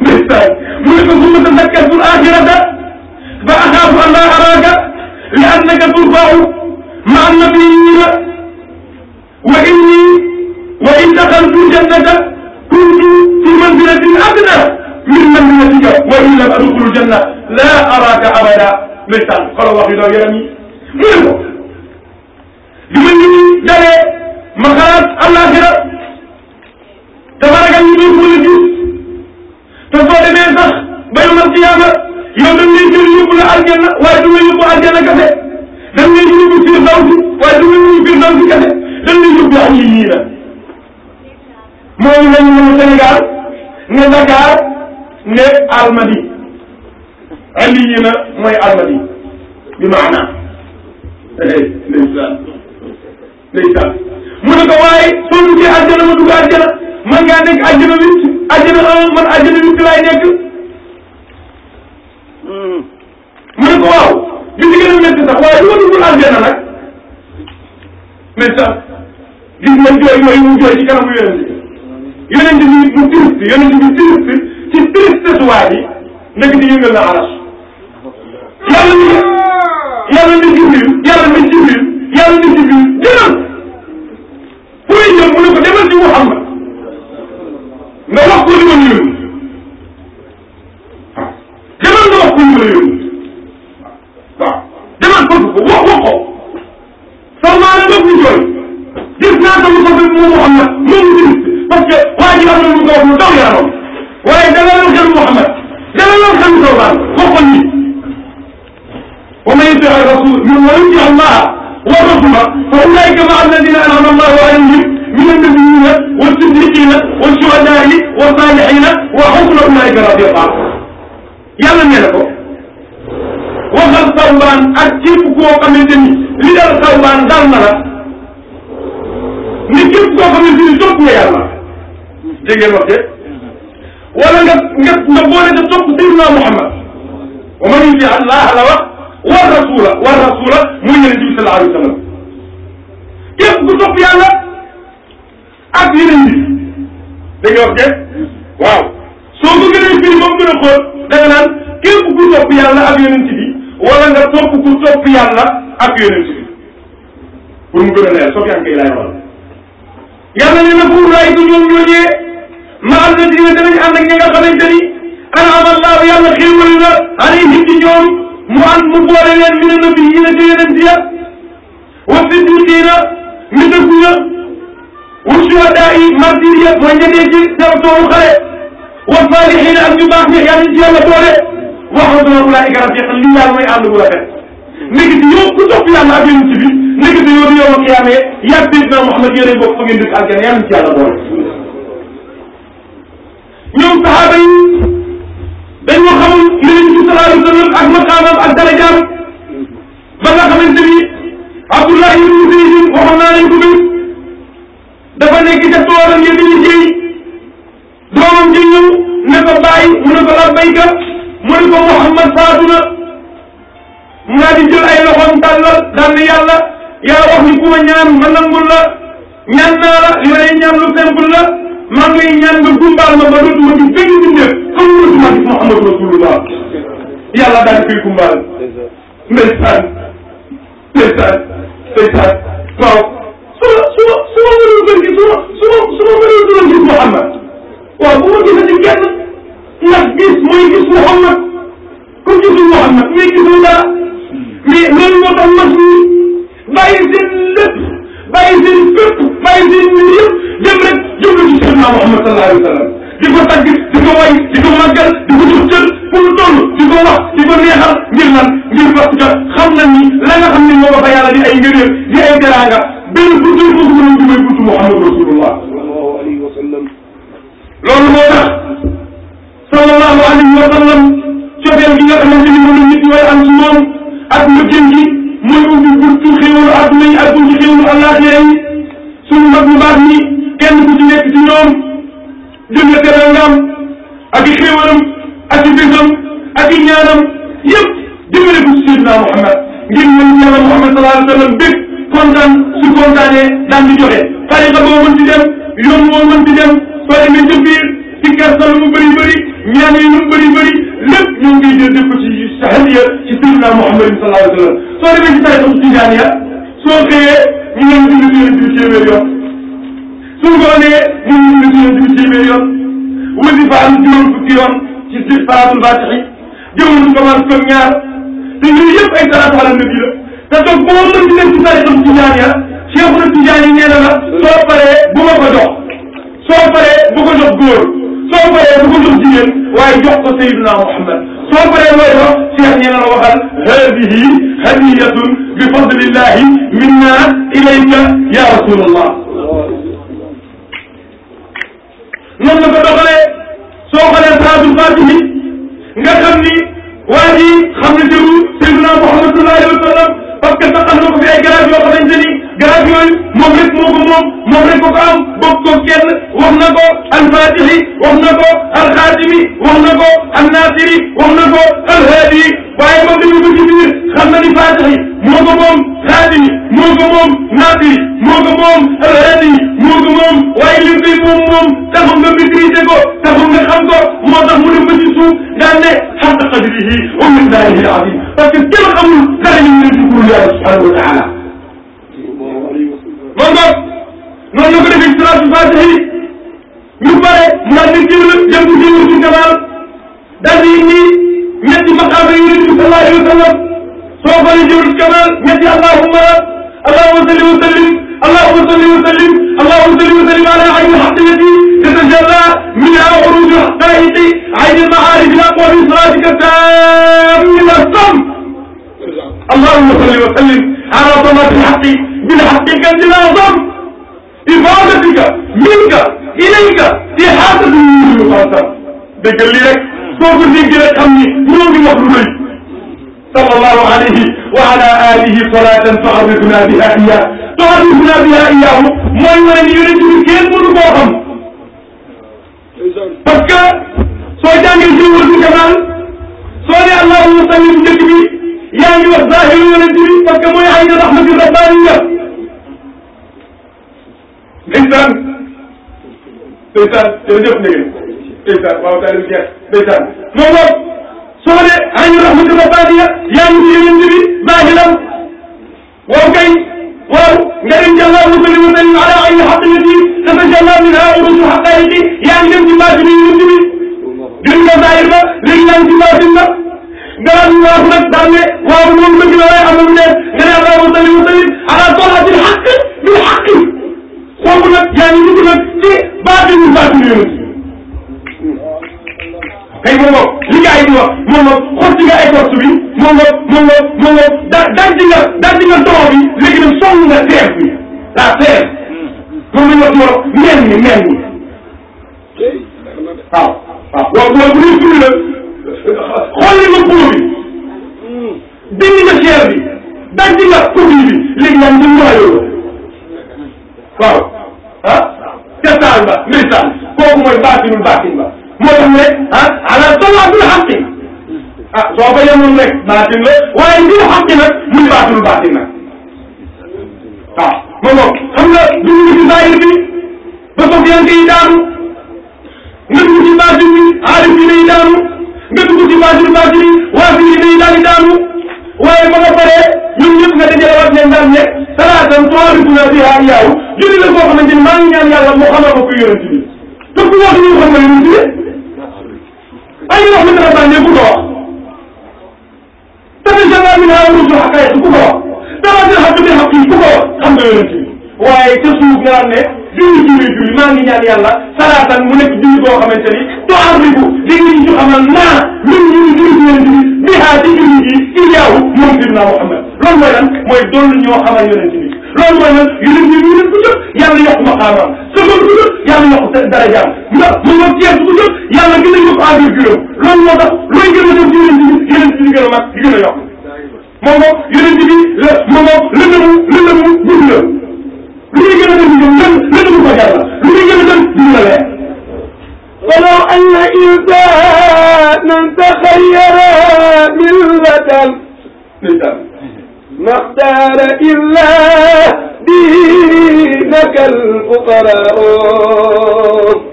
ndeysaan mu ne ko summa tazakkartu al-axirata fa axaafu an laa araaka li annaka turfau ma annabiyyiina wa inni wa in daxaltu jannata kuntu fi manzilatin adna min manzilatika wa in lam adxulu janna la araka abada ndeysaan xoolal wax yu daw yaram yi mu ne ko bi ma nit ñi dalee ma xalaat àllaaxira dafa ragal ñu doon mën a gis te soo demee sax ba yomal qiyaama yow dañ lay jël yóbbu la aljanna waaye du nga yóbbu aljanna kese dañ lay yóbbu firdawsi waaye du nga yóbbu firdawsi kese dañ lay yóbbu aliyina loolu lañ ne Sénégal ne Dakar ne Almadi Aliyina mooy Almadi bi maanaam eh, ndeysaan ndeysaan mu ne ko waaye soo duggee àjjana ma dugg àjjana man ngaa nekk àjjana huit àjjana un man àjjana huit laay nekk mu ne ko waaw bi ci gën a métti sax waaye du ma duggul àjjana nag ndeysaan gis nga jooy yooyu mu jooy ci kanamu yonente yonent bi mu triste yonent bi triste ci tristesse waa ji nekk di yëngal na aras yàlla ni yàlla ni jibril yàlla ni jibril yàlla ni jibril jëlal pour ñëw mu ne ko demal ci Muhammad nga wax ko li ma nuyu nabiyiina wa shuhadaa'i wa saalihiina wa xusna ulaa'ika rafiiqa yàlla nee na ko waxal Sawbaan ak képp koo xamante ni li dal Sawbaan dal na ni képp koo xamante ni topp nga yàlla dégg ngeen wala nga nga nga boole te topp Muhammad wa man yuti la wax wa rasula wa rasula muy Yonent bi sallallahu alayhi wa sallam képp ku topp yàlla ak yeneen bi dégg nga wax de waaw soo ko gënee firi ba mu gën a xool da nga naan képp ku topp yàlla ak yonent bi wala nga topp ku topp yàlla ak yonent bi pour mu gën a leer soo ko yaa ngi koy laay wala. yàlla ne na pour laay ko ñoom ñooñee ma am na dina danañ ànd ak ñi nga xamante ni ana amallaahu yàlla xéewal na alayhim ci ñoom mu ànd mu boole leen mina nabiyyiina ci yonent ya wa siddiqiina mi dëggu ya wut si waat daa yi martir yëpp mooy ña dee ci dara toolu xale wal faalixiina ak ñu baax ñi yàlla ci yàlla boole wax la dama ulaaika rafiqan lii yàlla mooy ànd bu rafet nekk di yow ku topp yàlla ak yonent bi nekk di yow di yow ak qiyaame yàgg Seydina Muhammad yéenay bokk fa ngeen dëkk aljana yàlla ci yàlla boole ñoom saxaaba yi dañoo xamul yonent bi sallallahu alayhi wa sallam ak maqaamam ak darajaam ba nga xamante ni Abdullah ibn Zayd waxoon naa leen ko dafa nekk ca toolam ya di liggéey doomam ji ñëw ne ko bàyyi mu ne ko labbayka mu ne ko Muhammad faatu na mu naa di jël ay loxoom tàllal daan ne yàlla yaa wax ni ku ma ñaan ma nangul la ñaan naa la li lay ñaan lu simple la maa ngi lay ñaan nga gumbaal ma ba dootuma gis benn bindéef xam nga dootuma gis Muhammad rasulullah yàlla daal di koy gumbaal ndeysaan ndeysaan ndeysaan waaw suba suba ma mënoon gën su ma Muhammad waaw bu ma gisati kenn Muhammad ku gisul Muhammad mais gisoo dara mais loolu moo tax mag ñi bàyyi seen lépp bàyyi seen fépp bàyyi seen yëpp dem rek jublu ci Seydina Muhammad sallallahu alayhi wa di ko tagg di ko way di ko màggal di ko jox cër pour di ko wax di ko neexal ngir lan ngir parce que xam nañ ni la xam ne moo ba fa yàlla di ay ngëneel di ay teraanga benn buntu yi foofu noonu mooy buntu Muhammad Rasulullah sallallahu alayhi wa sallam loolu moo tax sallallahu alayhi wa sallam cofeel gi nga xamante ni moom la nit ñi war a am ci moom ak mbëggeel gi mooy ubbi buntu xéwalu àdduna yi ak buntu xéwalu àllaaxira yi suñu mag bu baax ni kenn ku ci nekk ci ñoom jël na teraangaam ak i xéwalam ak i bésam ak i ñaanam yëpp jëmale ko ci Seydina Muhammad ngir ñoom yàlla Muhammad sallallahu alayhi wa sallam bég kontaan su kontaanee daan di joxe tariqa boo mën di dem yoon boo mën di dem bëri bëri ñaan yi bëri bëri lépp ñoo ngi def ko ci hadiya ci sayyidina Muhammadin sallallahu alayhi wa sallam soo demee ci tariqa tijaaniya soo xëyee ñu ngi leen di leen di téeméer yoon su ngoonee ñu ngi leen di leen di téeméer yoon wasifa am juróom fukki yoon ci salaatul faatixi juróom commence comme ñaar te yooyu yëpp ay salaatu ala nabi la te toog boo mën di dem ci tariqa tijaan ya Cheikh Tijaan yi nee na la soo paree bu ma ko jox soo paree bu ko jox góor soo paree bu ko jox jigéen waaye jox ko Seydina Muhammad soo paree looy wax Cheikh nee na la waxal hadihi hadiyatun bi fadlillahi minna ilayka ya rasulallah noonu la ko doxalee soo xoolee Salatul Fatihi nga xam ni waa ji xam na jëru Seydina Muhammad sallallahu alayhi wa sallam parce que sax am na ko fi ay garab yoo xamante ni garab yooyu moom rek moo ko moom moom rek ko ko am bokk ko kenn wax na ko alfatixi wax na ko alxaatimi wax na ko annaasiri wax na ko alhaadi waaye moom dañu ko ci biir xam na ni fatixi moo ko moom xaadi moo naati moo ko moom alhaadi moo ko moom waaye li koy moom moom taxul nga maîtriser ko taxul nga xam ko moo qadrihi wa miqdaarihi al-aziim parce que noonu la ko defee salaatul faatihi ñu mu daal di jiw la jëm ci jiw la ci gabaal daal di indi ñetti soo koy jiw kamal ñetti allahumma allahumma salli wa sallim allahumma salli wa sallim allahumma salli wa sallim ala ayni xaqiyati tatajalla minha xuruju xaqaaiqi ayni almaarif bi aqwabi salaatika taami lasom allahumma salli wa sallim ala tamati xaqi bilxaqiqati lazom ibadatika minka ilayka ihaatati dëgg lii rek soo ko déggee rek xam ni moo ngi wax lu rëy sallallahu alayhi wa ala alihi salatan tu'arrifuna biha iyyah tu'arrifuna biha iyyah mooy wane ni yonent bi kenn mënu koo xam parce que soo jàngee ci wërdu kamal soo ne allahumma salli njëkk bi yaa ngi wax zahiru yonent bi parce que mooy ayna rahmati rabbaniya ndeysaan ndeysaan jërëjëf ndege ndeysaan waaw daal di jeex ndeysaan moo soo ne aynu rahmatullah baadiya yaa ngi yonent bi baaxi lam waaw kay waaw nga dem jàllaa lu ko li watan ala ayni xaqiyati dafa jàllaa min ha urusu xaqayiqi yaa ngi dem ci baasi bi yonent bi gën nga zaahir ba léegi yaa ngi ci baasi ba nga daan waaw nag daan ne waaw moom bëgg la waaye amul ne nga ne ala wasali wasalim ala tolatil xaq bil xaqi kooku nag yaa ngi dugg nag ci baasi bi baasi bi yonent kay moom moom li gars yi di wax moom moom xotti nga écorce bi moom moom moom moom moom moom daa dajji nga dajji nga doom bi léegi nag song nga teef bi la teef moom la ñu wax moom mel ni mel ni waaw waaw waaw loolu bu ñuy tudd la xolli nga puur bi dindi nga chair bi dajji nga produit bi léegi nag ñu noyoo waaw ah. ca taal ba ndeysaan kooku mooy baatinul baatin ba moo tax ne ah ala salaatul xaqi ah soo ko yemul rek baatin la waaye ngir xaqi nag muy baatul baatin nag waaw ah, ma ngoog xam nga duñ ñu ci zaahir bi ba sofiyanke yi daanu nga dugg ci baatin bi aalim bi day daanu nga dugg ci baatin baatin yi waa fi day daal di daanu waaye ba nga paree ñun ñëpp nga dajalewaat leen daal ne salaatan tuwarituna fiha iyaahu julli la koo xamante ni maa ngi ñaan yàlla moo xamal ko ku yonent bi te ku wax ñu xam nga yonent bi bàyyi wax lu traçant ku ko wax tamit général bi naa ruusul xaqaay ku ko wax dama jël xaq bi xaq yi ku ko wax xam nga yonent bi waaye ca suuf nga xam ne julli julli julli maa ngi ñaan yàlla salaatan mu nekk julli boo xamante ni to arribu di ngi ñu xamal naa ñun ñu ngi julli yonent bi bi xaar ci julli ji ci yaawu moom Seydina Muhammad loolu mooy lan mooy doon ñoo xamal yonent bi loolu mooy lan yeneen ñi ñu bu jot yàlla yokk maqaamam sëfër bu jot yàlla yokk darajaam ndax mu nga jeex bu jot yàlla gën a yokk envergure loolu moo tax looy gën a dem ci yeneen bi yeneen bi gën a mag gën a yokk moom moom yeneen bi la moom moom lëndëmu lëndëmu gudd la lu ñuy gën a dem ñoom lën lëndëmu ko yàlla lu ñuy gën a dem dina leer ولو أن إنسانا تخير ملة مختار إلا دينك الفقراء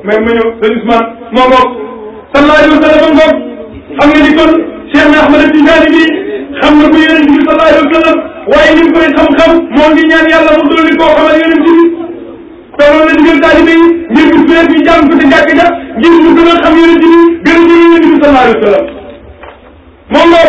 mais ma ñëw sëñ Ousmane moo bokk sallallahu alayhi wa sallam bokk xam nga ni kon Cheikh Ahmed Tidiane bi xam na ko yonent bi sallallahu alayhi wa sallam waaye ni mu koy xam-xam moo ngi ñaan yàlla mu dolli koo xamal yonent bi tooloon na digal taalibe yi ngir gis weer bi jàng ko ci jàkk ja ngir mu gën a xam yonent bi gën a jël yonent bi sallallahu alayhi wa sallam moom la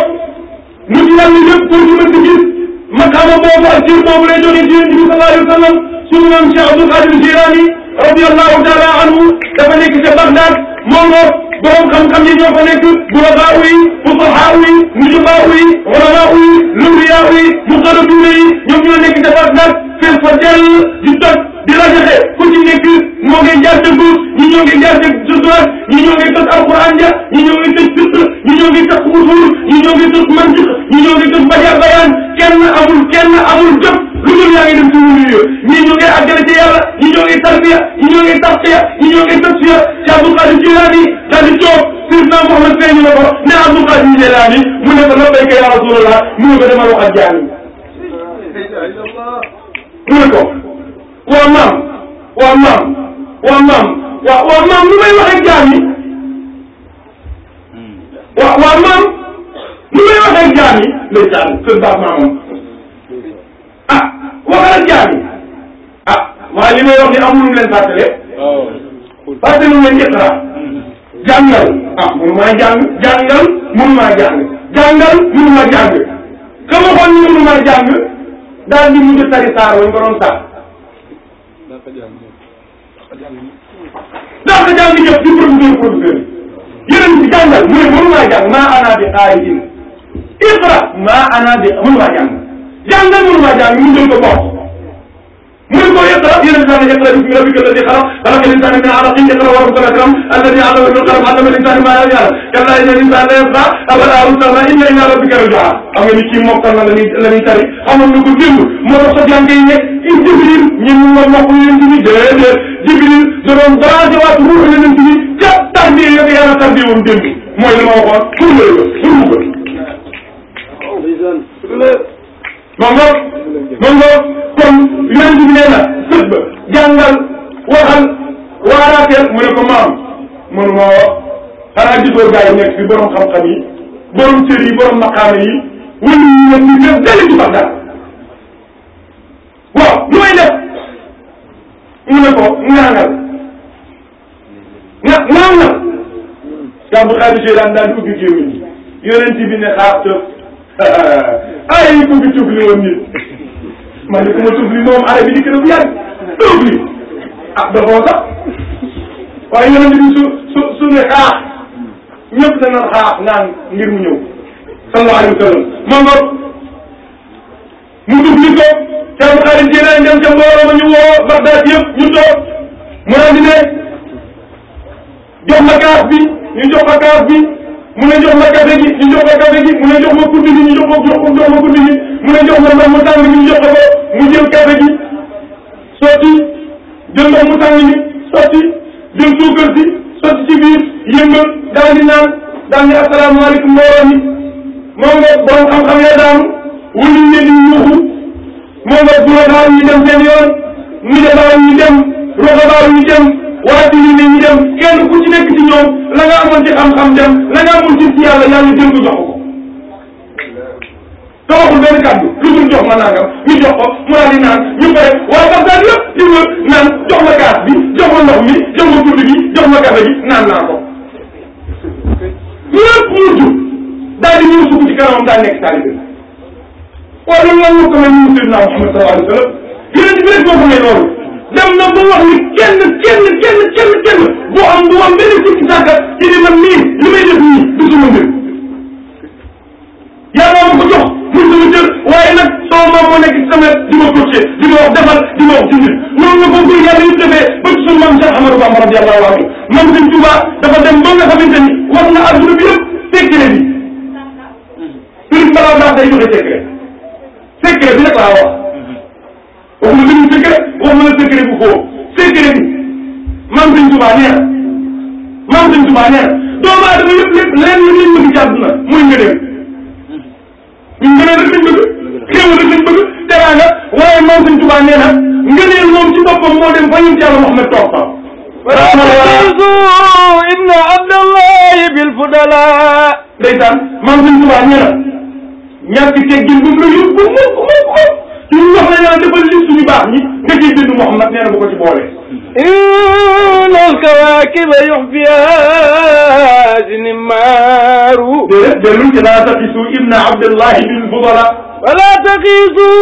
mu ci yàlla yëpp pour ñu mën di gis maqaama boobu ak jiir boobu lay jógee ci yonent bi sallallahu alayhi wa sallam suñu maam Cheikh Abdul Qadir Jilani radiyallahu taala anhu dafa nekk ca Bagdad moo ngoog borom xam-xam yi ñoo fa nekk burabaa yi fuqahaa yi nujubaa yi ulamaa yi lumriyaa yi muqarrabuuna yi ñoom ñoo nekk ca Bagdad fees fa dell di toj di rajaxe ku ci nekk moo ngi jaar sa gauche ñi ñoo ngi jaar sa droite ñi ñoo ngi toj alquran ja ñi ñoo ngi tëj fiq ñi ñoo ngi amul kenn amul jëpp lu dul yaa ngi dem ci wuyu yooyu ñii ñoo ngay àggale ci yàlla ñii ñoo ngay tarbiya ñii ñoo ngay tarbiya ñii ñoo ngay tasfiya ci Abdul Qadir Jilaani daal di toog président Mouhamed feeñu na ko ne Abdul Qadir Jilaani mu ne ko labbayka ya Rasulullah mu ne ko demal wax ak jaan mu ne ko waa maam waa maam waa maam waa waa maam lu may wax ak jaan yi waa waa maam lu may wax ak jaan yi ndeysaan seen baax maamam ah waxal ak jaam yi ah waaye li may wax ni amul lu mu leen fàttale oh. fàttali mu leen iqra jàngal ah mun maa jàng jàngal mun maa jàng jàngal mun maa jàng ka ma xool ni mun maa jàng daal di mujj tari saar wañ ko doon saar daa ko jàng jëf di producteur producteur yeneen bi jàngal mu maa jàng maa ana bi xaayidin iqra maa jàngal mënumaa jàng ñu jëm ko bopp mu ne ko iqra yéen a ngi sànni iqra bismi rabbika alladi xalaq xalaqa al-insana min alaqin iqra wa rabbuka al-akram alladi allama bil qalam allama al-insana ma lam ya'lam kalla inna al-insana la yatgha abada an istaghna inna ila rabbika ruj'a xam nga ni kii mokkal na la ñuy la ñuy tari xamoon na ko démb moo tax sa jànge yi nekk ci Jibril ñun ñu nga mokk yéen ci bi déedéet Jibril da doon branché waat ruux la leen ci bi ca tarbiye yo ko yàlla tarbiye woon démb mooy li ma waxoon pour la pour ma ngoog ma ngoog kon yonent bi nee na sët ba jàngal waxal waaraateel mu ne ko maam mënu ma xanaa gisoo gars yi nekk fi borom xam-xam yi borom cër yi borom maqaame yi wala ñu ne ñu dem dali ci bax daal waaw lu may def mu ne ko ŋaangal nga ŋaangal. Cheikh Abdou Khadre Jeylani daal di ubbi gémmiñ yonent bi ne xaar tëf aaya yi bëgg tufli woon nit man ni ku ma tufli moom aaya bi dikk na bu yàgg tufli ah dafoo sax waaye yonente bi su su su ne xaax ñëpp dana xaax naan ngir mu ñëw sallallahu alayhi wa sallam ma ngoog mu tufli ko ca mu xarit jeenaan dem ca mbooloo ma ñu woo Bagdaad yëpp ñu toog mu naan di ne jox ma kaas bi ñu jox ma kaas bi mu ne jox ma café gi ñu jox ma café gi mu ne jox ma kudd gi ñu jox ma jox ma kudd gi mu ne jox ma ndox mu tàng gi ñu jox ko mu jël café gi sotti jël ndox mu tàng gi sotti jël suukar si sotti ci biir yëngal daal di naan daal di asalaamaaleykum mbooloo mi moom nga borom xam-xam ya daanu wëluñ leen di yuuxu moom nga bulo daal ñu dem seen yoon ñu dem ñu dem roxa daal ñu dem waa dini ne ñu dem kenn ku ci nekk ci ñoom la nga amoon ci xam-xam dem la nga amul ci yàlla yàlla jël ko jox ko te waxul benn kàddu lu dul jox ma nangam ñu jox ko mu daal di naan ñu pare waaye sax daal yëpp di wër naan jox ma gaz bi jox ma ndox mi jox ma guddi gi jox ma café gi naan naa ko lépp mujj daal di ñëw sukk ci kanamam daal nekk taalibe waaye loolu lan moo ko mel ni Seydina Muhammad sallallahu alayhi wa sallam yéen a ngi ci bëri boo ko may loolu dem na ba wax ni kenn kenn kenn kenn kenn bu am bu am benn sikki sàkka ci ni man li may def nii du sama mbir yàlla ma ko jox muy sama cër waaye nag sama maam moo nekk ci sama di ma coaché di ma wax defal di ma wax dindil noonu la ko buy yàlla yëpp defee ba ci sunu maam Cheikh Amadou Bamba radiyallahu anhu moom Sëñ Tuubaa dafa dem ba nga xamante ni war na adduna bi yëpp secret bi. prix balaa day joxe secret bi nag laa wax ma benn secret wax ma secret bu foo secret bi maam Sëñ Tuubaa nee na maam Sëñ Tuubaa nee na doomu aadama yëpp lépp lenn li ñu bëgg ci àdduna muy ngëneel ñun ngëneel rek lañ bëgg xéewal rek lañ bëgg teraanga waaye maam Sëñ Tuubaa nee na ngëneel moom ci boppam moo dem fa ñu ci Yàlla Muhammad toog fa واتخذوا إن عبد الله بالفضلاء ndeysaan maam Sëñ Tuubaa nee na ñàkk teggin bu mu la yóbbu mukk mukk mukk li ñu wax ne la defal lim suñu baax ñi nga ciy bind Mouhamad nee na bu ko ci boole إن الكواكب يحبيها زنمار دلوك لا تقسوا ابن عبد الله بالفضلاء ولا تقيسوا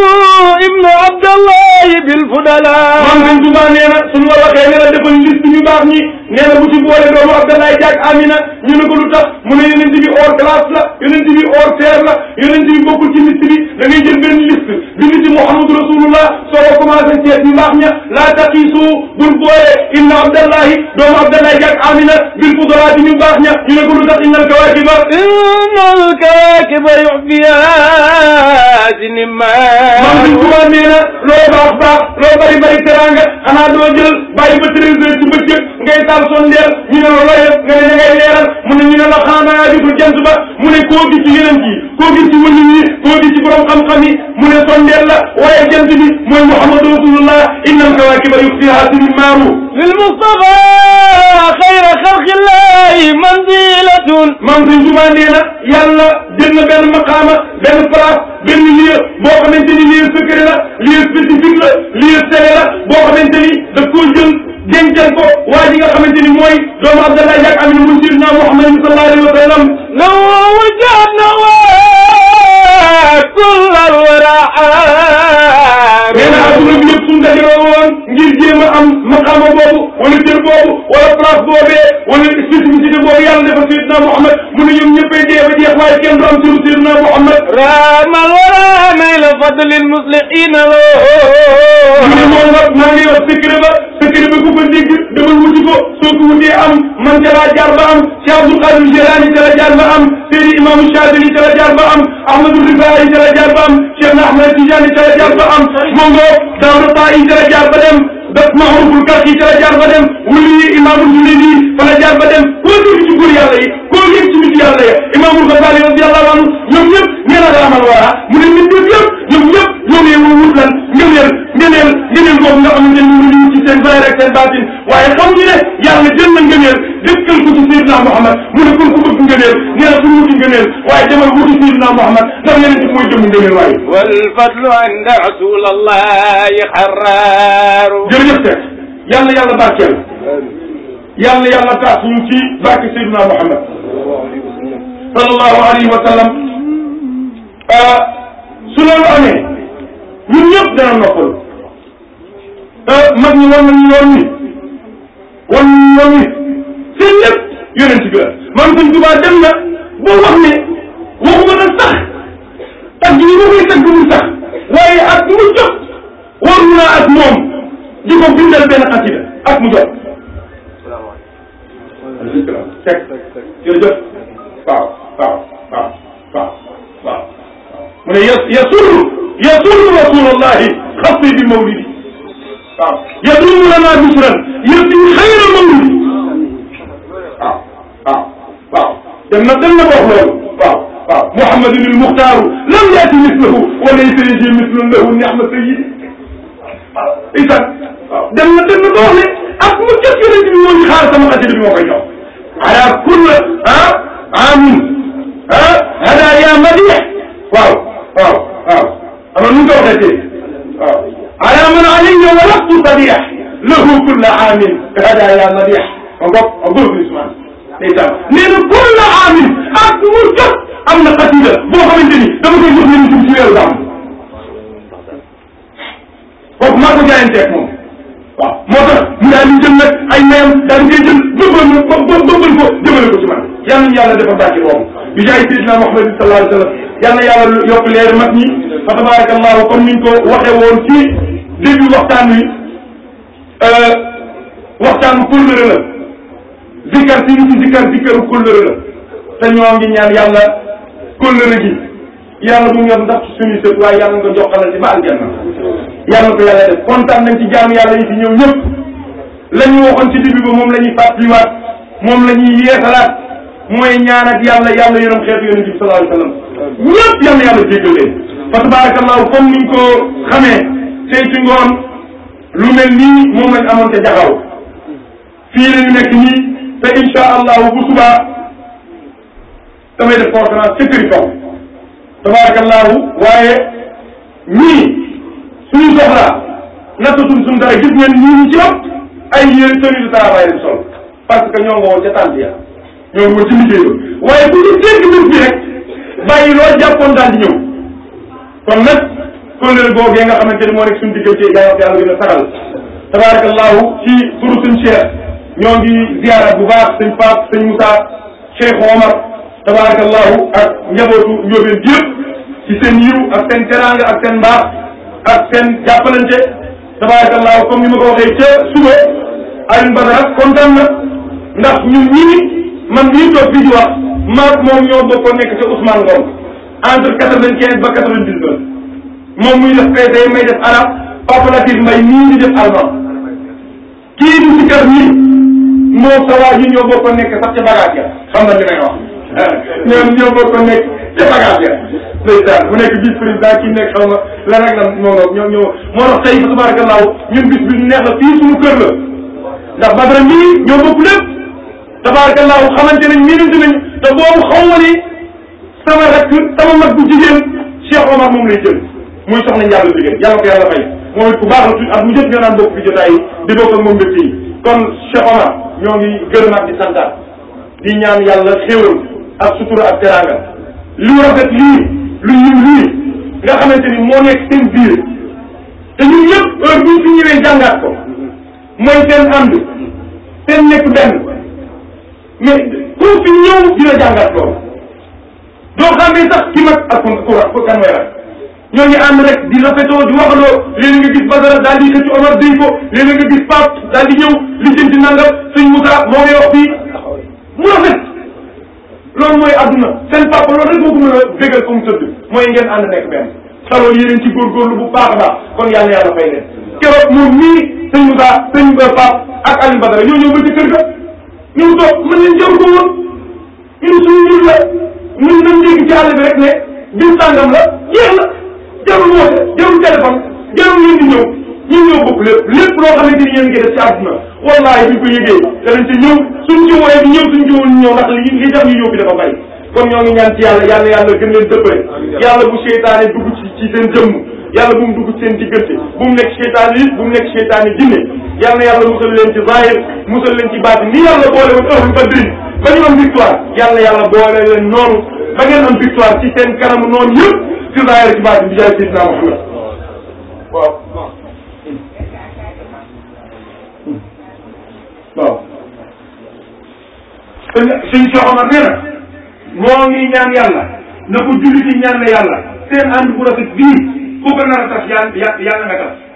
ابن عبد الله بالفضلاء man dañ dumaa nee na suñu la waxee nee na defal liste ñu baax ñi nee na bu ci boole doomu Abdalaay Jaag Amina ñu ne ko lu tax mu ne yonent bi hors classe la yonent bi hors pair la yonent bi bokkul ci liste bi da ngay jël benn liste bi liste Muhammadu Rasulullah soo ko commencé seet ñu baax ña la taqiisu buñ boolee inna abdallahi doomu abdallahi jag amina bil fudalaa ci baax ña ñu ne ko inna alkawaakiba inna alkawaakiba yuxbiyaa sinima mam biñ tumaa nee na loo baax baax loo bari bari teranga xanaa doo jël bàyyi ba treize heures ci bëccëg ngay taal sondeel ñu ne loola yëpp nga ne ña ngay leeral mu ne ci yeneen yi ci wëlu yi koo ci borom xam-xam yi mu la waaye jant bi mooy muhammadu rasulullah inna alkawaakiba الجمار للمصطفى خير خلق الله منزلة maam Sëñ Tuubaa nee na yàlla jël na benn maqaama benn place benn lieu boo xamante ni lieu secret la lieu spécifique la lieu serré la boo xamante ni daf koo jël dencal ko waa ji nga xamante ni mooy doomu Abdallah yàgg amin mu sidna Muhammad sallallahu alayhi wa sallam na ñun dañoo woon ngir jéem a am maqaama boobu wala jël boobu wala place boobee wala spécificité boobu yàlla defal Seydina Mouhamed mu ne ñoom ñëppay dee ba jeex waaye kenn du am sunu Seydina Mouhamed. raamal wala may la fadlil musliina loo. mu ne moom nag maa ngi yor secret ba secret ba ku ko dégg demal wuti ko soo ko wutee am man ca laa jaar ba am Cheikh Abdul Qadir Jilani ca la jaar ba am Seydi Imaamu Shaadili ca la jaar ba am Ahmadou Rifaay ca la jaar ba am. Cheikh Ahmed Tidiane ca la jaar ba am Mongo Daouda Tahi ca la jaar ba dem ba Mahrubul Karxi ca la jaar ba dem wuli yi imaamul Junaydi fa la jaar ba dem koo dégg ci góor yàlla yi koo yëg ci nit yàlla ya imaamul Ghazali radiyallahu anhu ñoom ñëpp nee na dara man wara mu ne nit ñëpp ñoom ñëpp ñoo nee woo wut lan ngëneel ngëneel ngëneel boobu nga xamante ni ñu ngi ci seen vrai rek seen baatin waaye xam ñu ne yàlla jël na ngëneel dëkkal ko ci Seydina Muhammad mu ne kon ku bëgg ngëneel nee na pour wuti ngëneel waaye demal wuti Seydina Muhammad ndax yeneen ci mooy jëm ngëneel waaye. wal fadlu inda rasulallahi xaraaru. jërëjëf Seck yàlla yàlla barkeel yàlla yàlla taas ñu ci barke Seydina Muhammad sallallahu alayhi wa sallam ah, su loolu amee ñun ñëpp dana noppal ah, mag ñi war nañu yoon wi war nañu yoon wi te lépp yonent bi la man suñ tubaa dem na ba wax ne waxuma na sax tagg yi ma koy taggul sax waaye ak mu jot waru naa ak moom di ko bindal benn xasida ak mu jot aleykum salaam teg jërëjëf waaw waaw waaw waaw waaw mu ne yasurru yasurru rasulullahi xasidi mawlidi waaw yadummu lana bisran yabdi xayra mawlidi waaw waaw waaw dem na dem na ko wax loolu waaw waaw Mouhamadou Nil Muxtaaru lam yaati mislahu wa laysa yaji mislun lahu nixma sayidi waaw isan waaw dem na dem na ko wax ne ak mu jot yeneen bi moo ñu xaar sama xasida bi moo koy jox ala kulle ah amin ah hadaya madix waaw waaw waaw ama nu ñu ko waxee tey waaw ala man alayya walaqtu sadix lahu kulle amin hadaya madix ma bopp ma góor gi Ousmane ndeysaan nee na góor la amiin ak mu jot am na xasida boo xamante ni dama koy jox leen dugg ci weeru gàmm kooku maa ko jaayanteeg moom waaw moo tax mu daal di jël nag ay mayam daal di koy jël bëggoon na ba bëggoon ko jëmale ko ci man yal nañu yàlla defal bàcc boobu bi jaay Seydina Muhammad sallallahu alayhi wa sallam yal na yàlla yokk leer mag ñi fa tabaraka allahu comme niñ ko waxee woon ci début waxtaan wi euh, waxtaan bu la. zikkar si ñu ci zikkar zikkaru kóllëre la te ñoo ngi ñaan yàlla kóllëre gi yàlla bu ngeen ndax suñu sët waaye yàlla nga joxalal ci ba aljanna yàlla ko yàlla def kontaan nañ ci jaamu yàlla yi fi ñëw ñëpp la ñu waxoon ci début ba moom la ñuy fàttaliwaat moom la ñuy yeesalaat mooy ñaan ak yàlla yàlla yërëm xeetu yonent bi sallallahu alayhi wasallam ñëpp yàlla yàlla jéggal leen fa tabarakallahu comme niñ ko xamee tey ci ngoon lu mel nii moom lañ amoon te te incha allahu bu subaa damay def conférence ci Périgord tabarakallahu waaye ñii suñu soxlaa natt suñ suñ dara gis ngeen ñii ci ëpp ay yéen tenue de travail lañ sol parce que ñoo nga woon ca tànn ñoo ngi woon ci liggéey ba waaye bu ñu dégg mbir bi rek bàyyi loo jàppoon di ñëw kon nag kóllëre googee nga xamante ni moo nekk suñu diggante yàlla yàlla gën a sagal tabarakallahu ci turu suñu ñoo ngi ziara bu baax sëñ Pape sëñ Moussa Cheikh Omar tabarakallahu ak njabootu njóobeen yëpp ci seen yiw ak seen teraanga ak seen mbaax ak seen jàppalante tabarakallahu comme ni ma ko waxee ca suba Alioune Badara kontaan na ndax ñun man mii toog fii di wax maak moom ñoo bokkoon nekk ca Ousmane Ngom entre quatre-vingt-quinze ba quatre vingt moom muy def kayitay may def arab Papa Latif nii def allemand kii di si kër nii moo ko waa ji ñoo bokk a nekk sax ca bagage ya xam na li may wax ñoom ñoo bokk a nekk ca bagage ya président bu nekk vice président ki nekk xaw ma lan ak lan moo ñoo ñoo moo tax tey tabarakallah ñun bis bi ñu neex la fii suñu kër la ndax Badara mii ñoo bokk lépp tabarakallah xamante nañ miinante nañ te boobu xaw ma ni sama rakk sama mag bu jigéen Cheikh Omar moom lay jël muy soxna Ndiallo jigéen yàlla ko yàlla fay moom it ku baax la tuuti at mu jot nga naan bokk fi jotaay di bokk ak moom mbégte yi kon Cheikh Omar ñoo ngi gërëmaat di santaat di ñaan yàlla xéewal ak sutura ak teraanga lu rafet lii lu yiw lii nga xamante ni moo nekk seen biir te ñun ñëpp heure bu ñu ñëwee jàngaat ko mooy seen ànd seen nekk benn mais ku fi ñëw dina jàngaat loolu doo xamee sax ki mag ak ku kan mooy ñooñu ànd rek di rafetoo di waxandoo léeg-léeg nga gis Badara daal di xëcc Omar déy ko léeg nga gis Pape daal di ñëw li jëm di nangam sëñ moo ngi wax fii mu loolu mooy adduna seen papa loolu rek moo ko mën a bégal comme tëdd mooy ngeen ànd nekk benn saloo yéen ci góorgóorlu bu baax a baax kon yàlla yàlla fay leen keroog moom mii sëñ Moussa sëñ Pape ak Aliou Badara ñoo ñëw ba ci ga ñëw toog mën leen jaww ko woon ñun suñu ñun la ñun dañ dégg jarul woote jarul téléphone jarul ngeen di ñëw ñun ñoo bokk lépp lépp loo xamante ni yéen ngi def ci àdduna wallaahi ñu ko yëgee danañ ci ñëw suñ ci wooyee di ñëw suñ ci woon ñëw ndax li li tax ñu ñëw bi dafa bari kon ñoo ngi ñaan ci yàlla yàlla yàlla gën leen dëppale yàlla bu seytaane dugg ci ci seen jëmm yàlla bu mu dugg ci seen diggante bu mu nekk seytaane nit bu mu nekk seytaane jinne yàlla yàlla musal leen ci zahir musal leen ci baat ni yàlla boole woon heure badrin ba ñu am victoire yàlla yàlla boole leen noonu ba ngeen am victoire ci seen kanamu noonu yëpp ci zaahir ci baatin bi jaay Seydina Muhammad waaw waaw suñ soxna nee na moo ngi ñaan yàlla na ko julli ci ñaan yàlla seen ànd bu rafet bii ku ko nar a tas yàlla yàlla nga tas